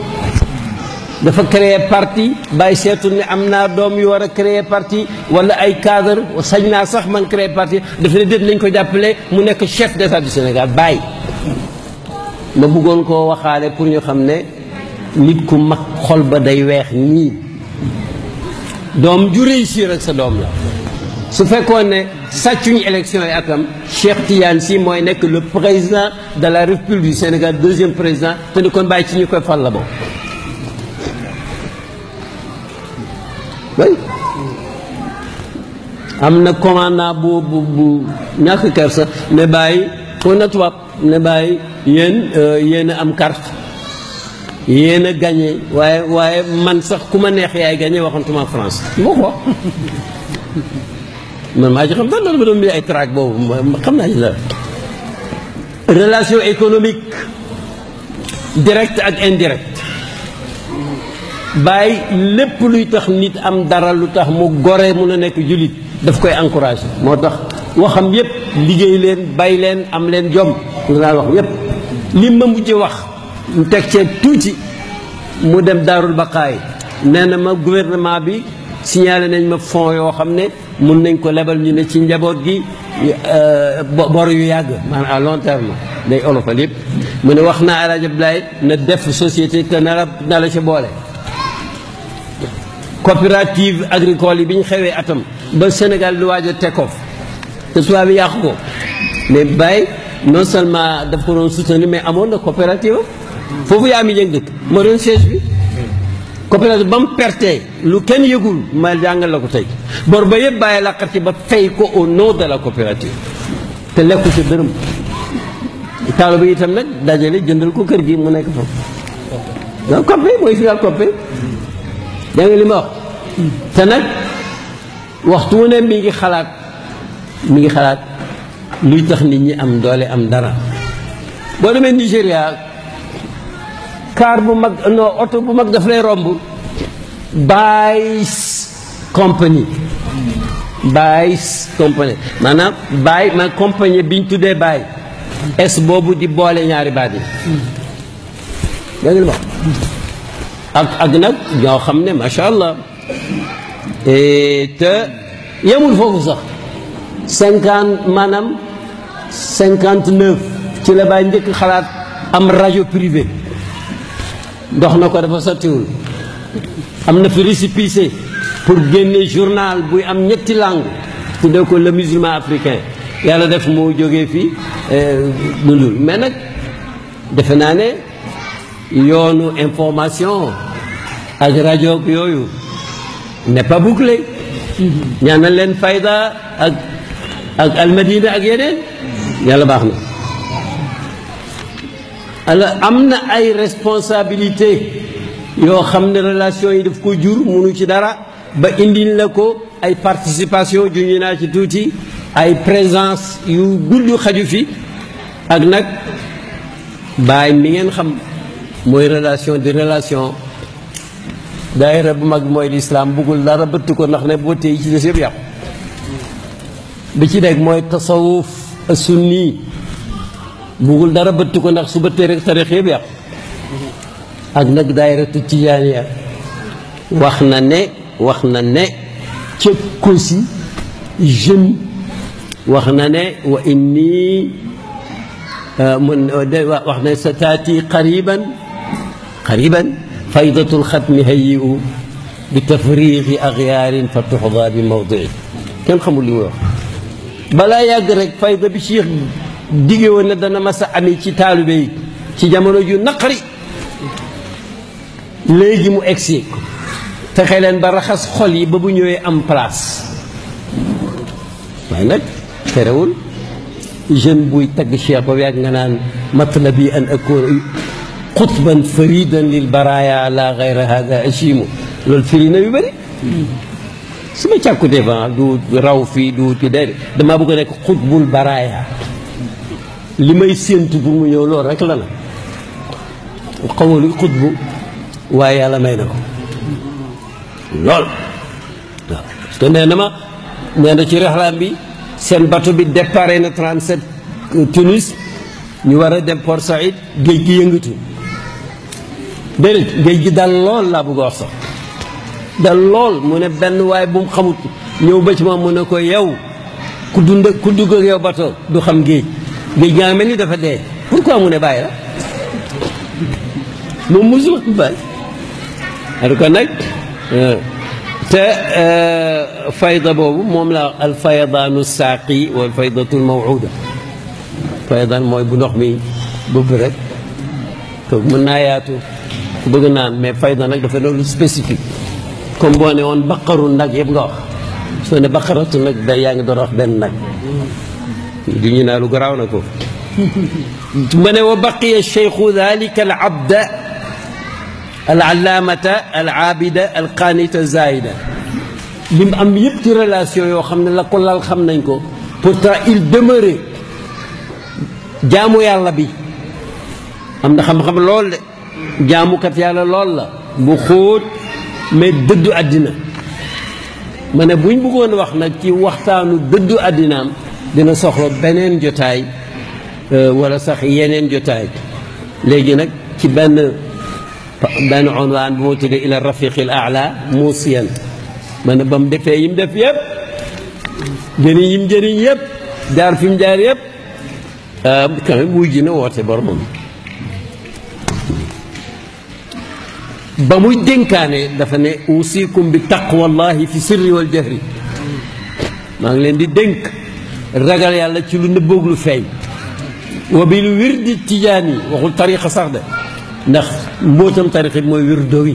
Speaker 1: dafa créer parti bàyyi seetul ne am naa doom yu war a créer parti wala ay cadre sañ naa sax man créer parti dafa ne déet nañ ko jàppale mu nekk chef d'état du Sénégal bàyyi ma buggoon koo waxaale pour ñu xam ne nit ku mag xol ba day weex nii doom ju réussir ak sa doom la su fekkoon ne sàccuñu élection yi atam Cheikh Tidiane Sy mooy nekk le président de la République du Sénégal deuxième président te ni kon bàyyi ci ñu koy fal la boobu bëri am na commandant bu bu bu ñàkk kersa ne bàyyi ne bàyyi yéen euh, yéen am carte yéen a gagné waaye waaye man sax ku ma neex yaay gagné waxantuma France moo man maa ci xam sax dama doon bi ay trac boobu xam naa ci la relation économique direct ak indirect bàyyi lépp luy tax nit am dara lu tax mu gore mun a nekk jullit daf koy encourage moo tax waxam yépp liggéey leen bay leen am leen jom nga daan wax yépp li ma mujj wax mu teg cee tuuti mu dem daarul baqaay nee na ma gouvernement bi signalé nañ ma fonds yoo xam ne mun nañ ko lebal ñu ne ci njaboot gi euh, bor yu yàgg maanaam à long terme day olofal yépp mu ne wax naa El Hadj Abdoulaye na def société te na la na la ci boole coopérative agricole yi bi ñu xewee atam ba Sénégal lu waaj a tekoof te tubaab bi yàqu ko mais Baye non seulement daf ko doon soutenir mais amoon na coopérative foofu yaa mi yëng dëkk moo doon siège bi coopérative ba mu pertee lu kenn yëgul ma jàngal la ko tey bor ba yëpp bàyyi laqati ba fay ko au nom de la coopérative te lekku ci dërëm taalo bi itam nag dajale jëndal ko kër gi mu nekk
Speaker 2: foofu
Speaker 1: donc coppe mooy fi daal dégg nga te nag waxtu wu ne mi ngi xalaat mu ngi xalaat luy tax nit ñi am doole am dara boo demee Nigéria kaar bu mag no oto bu mag daf lay romb Bays compagnie Bays compagnie maanaam Bay ma compagnie bi ñu tuddee Bay es boobu di boole ñaari baat yi dégg nga ak ak nag ñoo xam ne macha allah te yemul foofu sax cinquante maanaam cinquante neuf ci la bàyyi njëkk xalaat am rajo privé dox na ko dafa sottiwul am na fi récépissé pour génne journal buy am ñetti langue tuddee ko le musulman africain yàlla def moo jógee fii euh, dundul mais nag defe naa ne yoonu information ak rajo yooyu n'est pas bouclé ñaanal leen fayda ak ak almadina ak yeneen yàlla baax na alors am na ay responsabilité yoo xam ne relation yi daf ko jur munu ci dara ba indi la ko ay participation juñu naa ci tuuti ay présence yu gudd xaju fi ak nag baay mi ngeen xam mooy relation di relation daayira bu mag mooy lislaam buggul dara bëtt ko ndax ne boo téye ci des yëpp yàqu bi ci nekk mooy tasawuf sunni buggul dara bëtt ko ndax su bëttee rek tarix yëpp yàqu ak nag daayiratu ya wax na ne wax na ne ca kosi jeune wax na ne wa inni euh, mun euh, wax na sa taati qariban قريبا فيضة الختم هيئوا بتفريغ أغيار فتحظى بموضعه kenn xamul li muy wax balaa yàgg rek fayda bi Cheikh dige woon ne dana mas a amee ci taalibe yi ci jamono ju naqari léegi mu egsi fexe leen ba raxas xol yi ba bu ñëwee am place waaye nag terewul jeune buy tagg Cheikh ba yàgg nga naan matlabi an akuna xutban faridan lil baraya la gayra hada achimu loolu firi na yu su ma càkku devant du raw fii du ci damaa bëgg a nekk xutbul baraya li may séentu pour mu ñëw loolu rek la la xawalu xutbu yàlla may na ko lool waaw parce que na ma nee ci rexlaam bi seen bateau bi départ na 37 Tunis ñu war a dem Port Saïd géej gi yëngatu géej gi dal lool laa bëgg a dal lool mu ne benn waaye bu mu xamut ñëw ba ci mu ne ko yow ku dund ku dugg ak yow bato du xam géej géej gaa ngi mel ni dafa dee pourquoi mu ne bàyyi la moom musul bàyyi en ko nag euh, te euh, fayda boobu moom la al faydaanu saaqi wal faydatu al mawuda faydaan mooy bu ndox mi bëbb rek toog mën naa yaatu bëgg naan mais fayda nag dafa doon spécifique comme boo ne woon baqaru nag yëpp nga wax soo ne baqaratu nag day yaa ngi doon wax benn nag du ñu naa lu garaaw na ko ma ne wa baqiya cheikhu dalika al abda al allaamata al aabida al qaanita am yëpp ci relation yoo xam ne la ko lal xam nañ ko pourtant il demeurait jaamu yàlla bi am na xam-xam lool jaamukat yàlla lool la bu xóot mais dëddu àddina ma ne buñ buggoon wax nag ci waxtaanu dëddu àddinaam dina soxla beneen jotaay euh, wala sax yeneen jotaay léegi nag ci benn benn onwaan bu moo tuddee ila rafiqil ala muusiyan ma ne ba mu defee yim def yëpp jëriñ yim jëriñ yépp jaar fi mu jaar yépp euh, quand même wuy ji na woote boromam ba muy dénkaane dafa ne uusikum bi taqwallahi fi sirri wal jahri maa ngi leen di dénk ragal yàlla ci lu nëbboog lu feeñ wa bil wirdi tijaani waxul tariqa sax de ndax mbootam tariqa bi mooy wirdo wi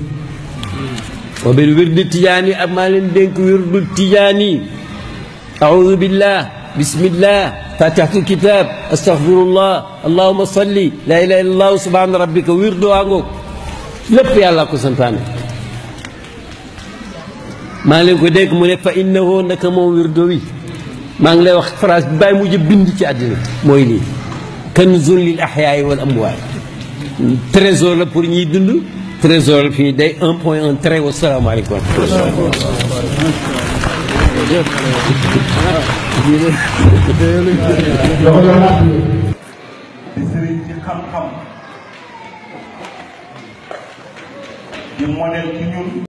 Speaker 1: wa bil wirdi tijaani ak maa leen dénk wirdu tijaani audu billah bismillah fatihatul kitab astaghfirullah allahuma salli la ilaha illallah subhana rabbika wirdo waa ngoog lépp yàlla ko santaane maa ngi leen ko dégg mu ne fa innahu naka moom wirdo wi maa ngi lay wax phrase bi bàyyi mujj bind ci àddina mooy lii zone lil ahyaay wal amwaay trésor la pour ñuy dund trésor la fii day un point un trait wa salaamaaleykum
Speaker 2: di di modèle ci ñun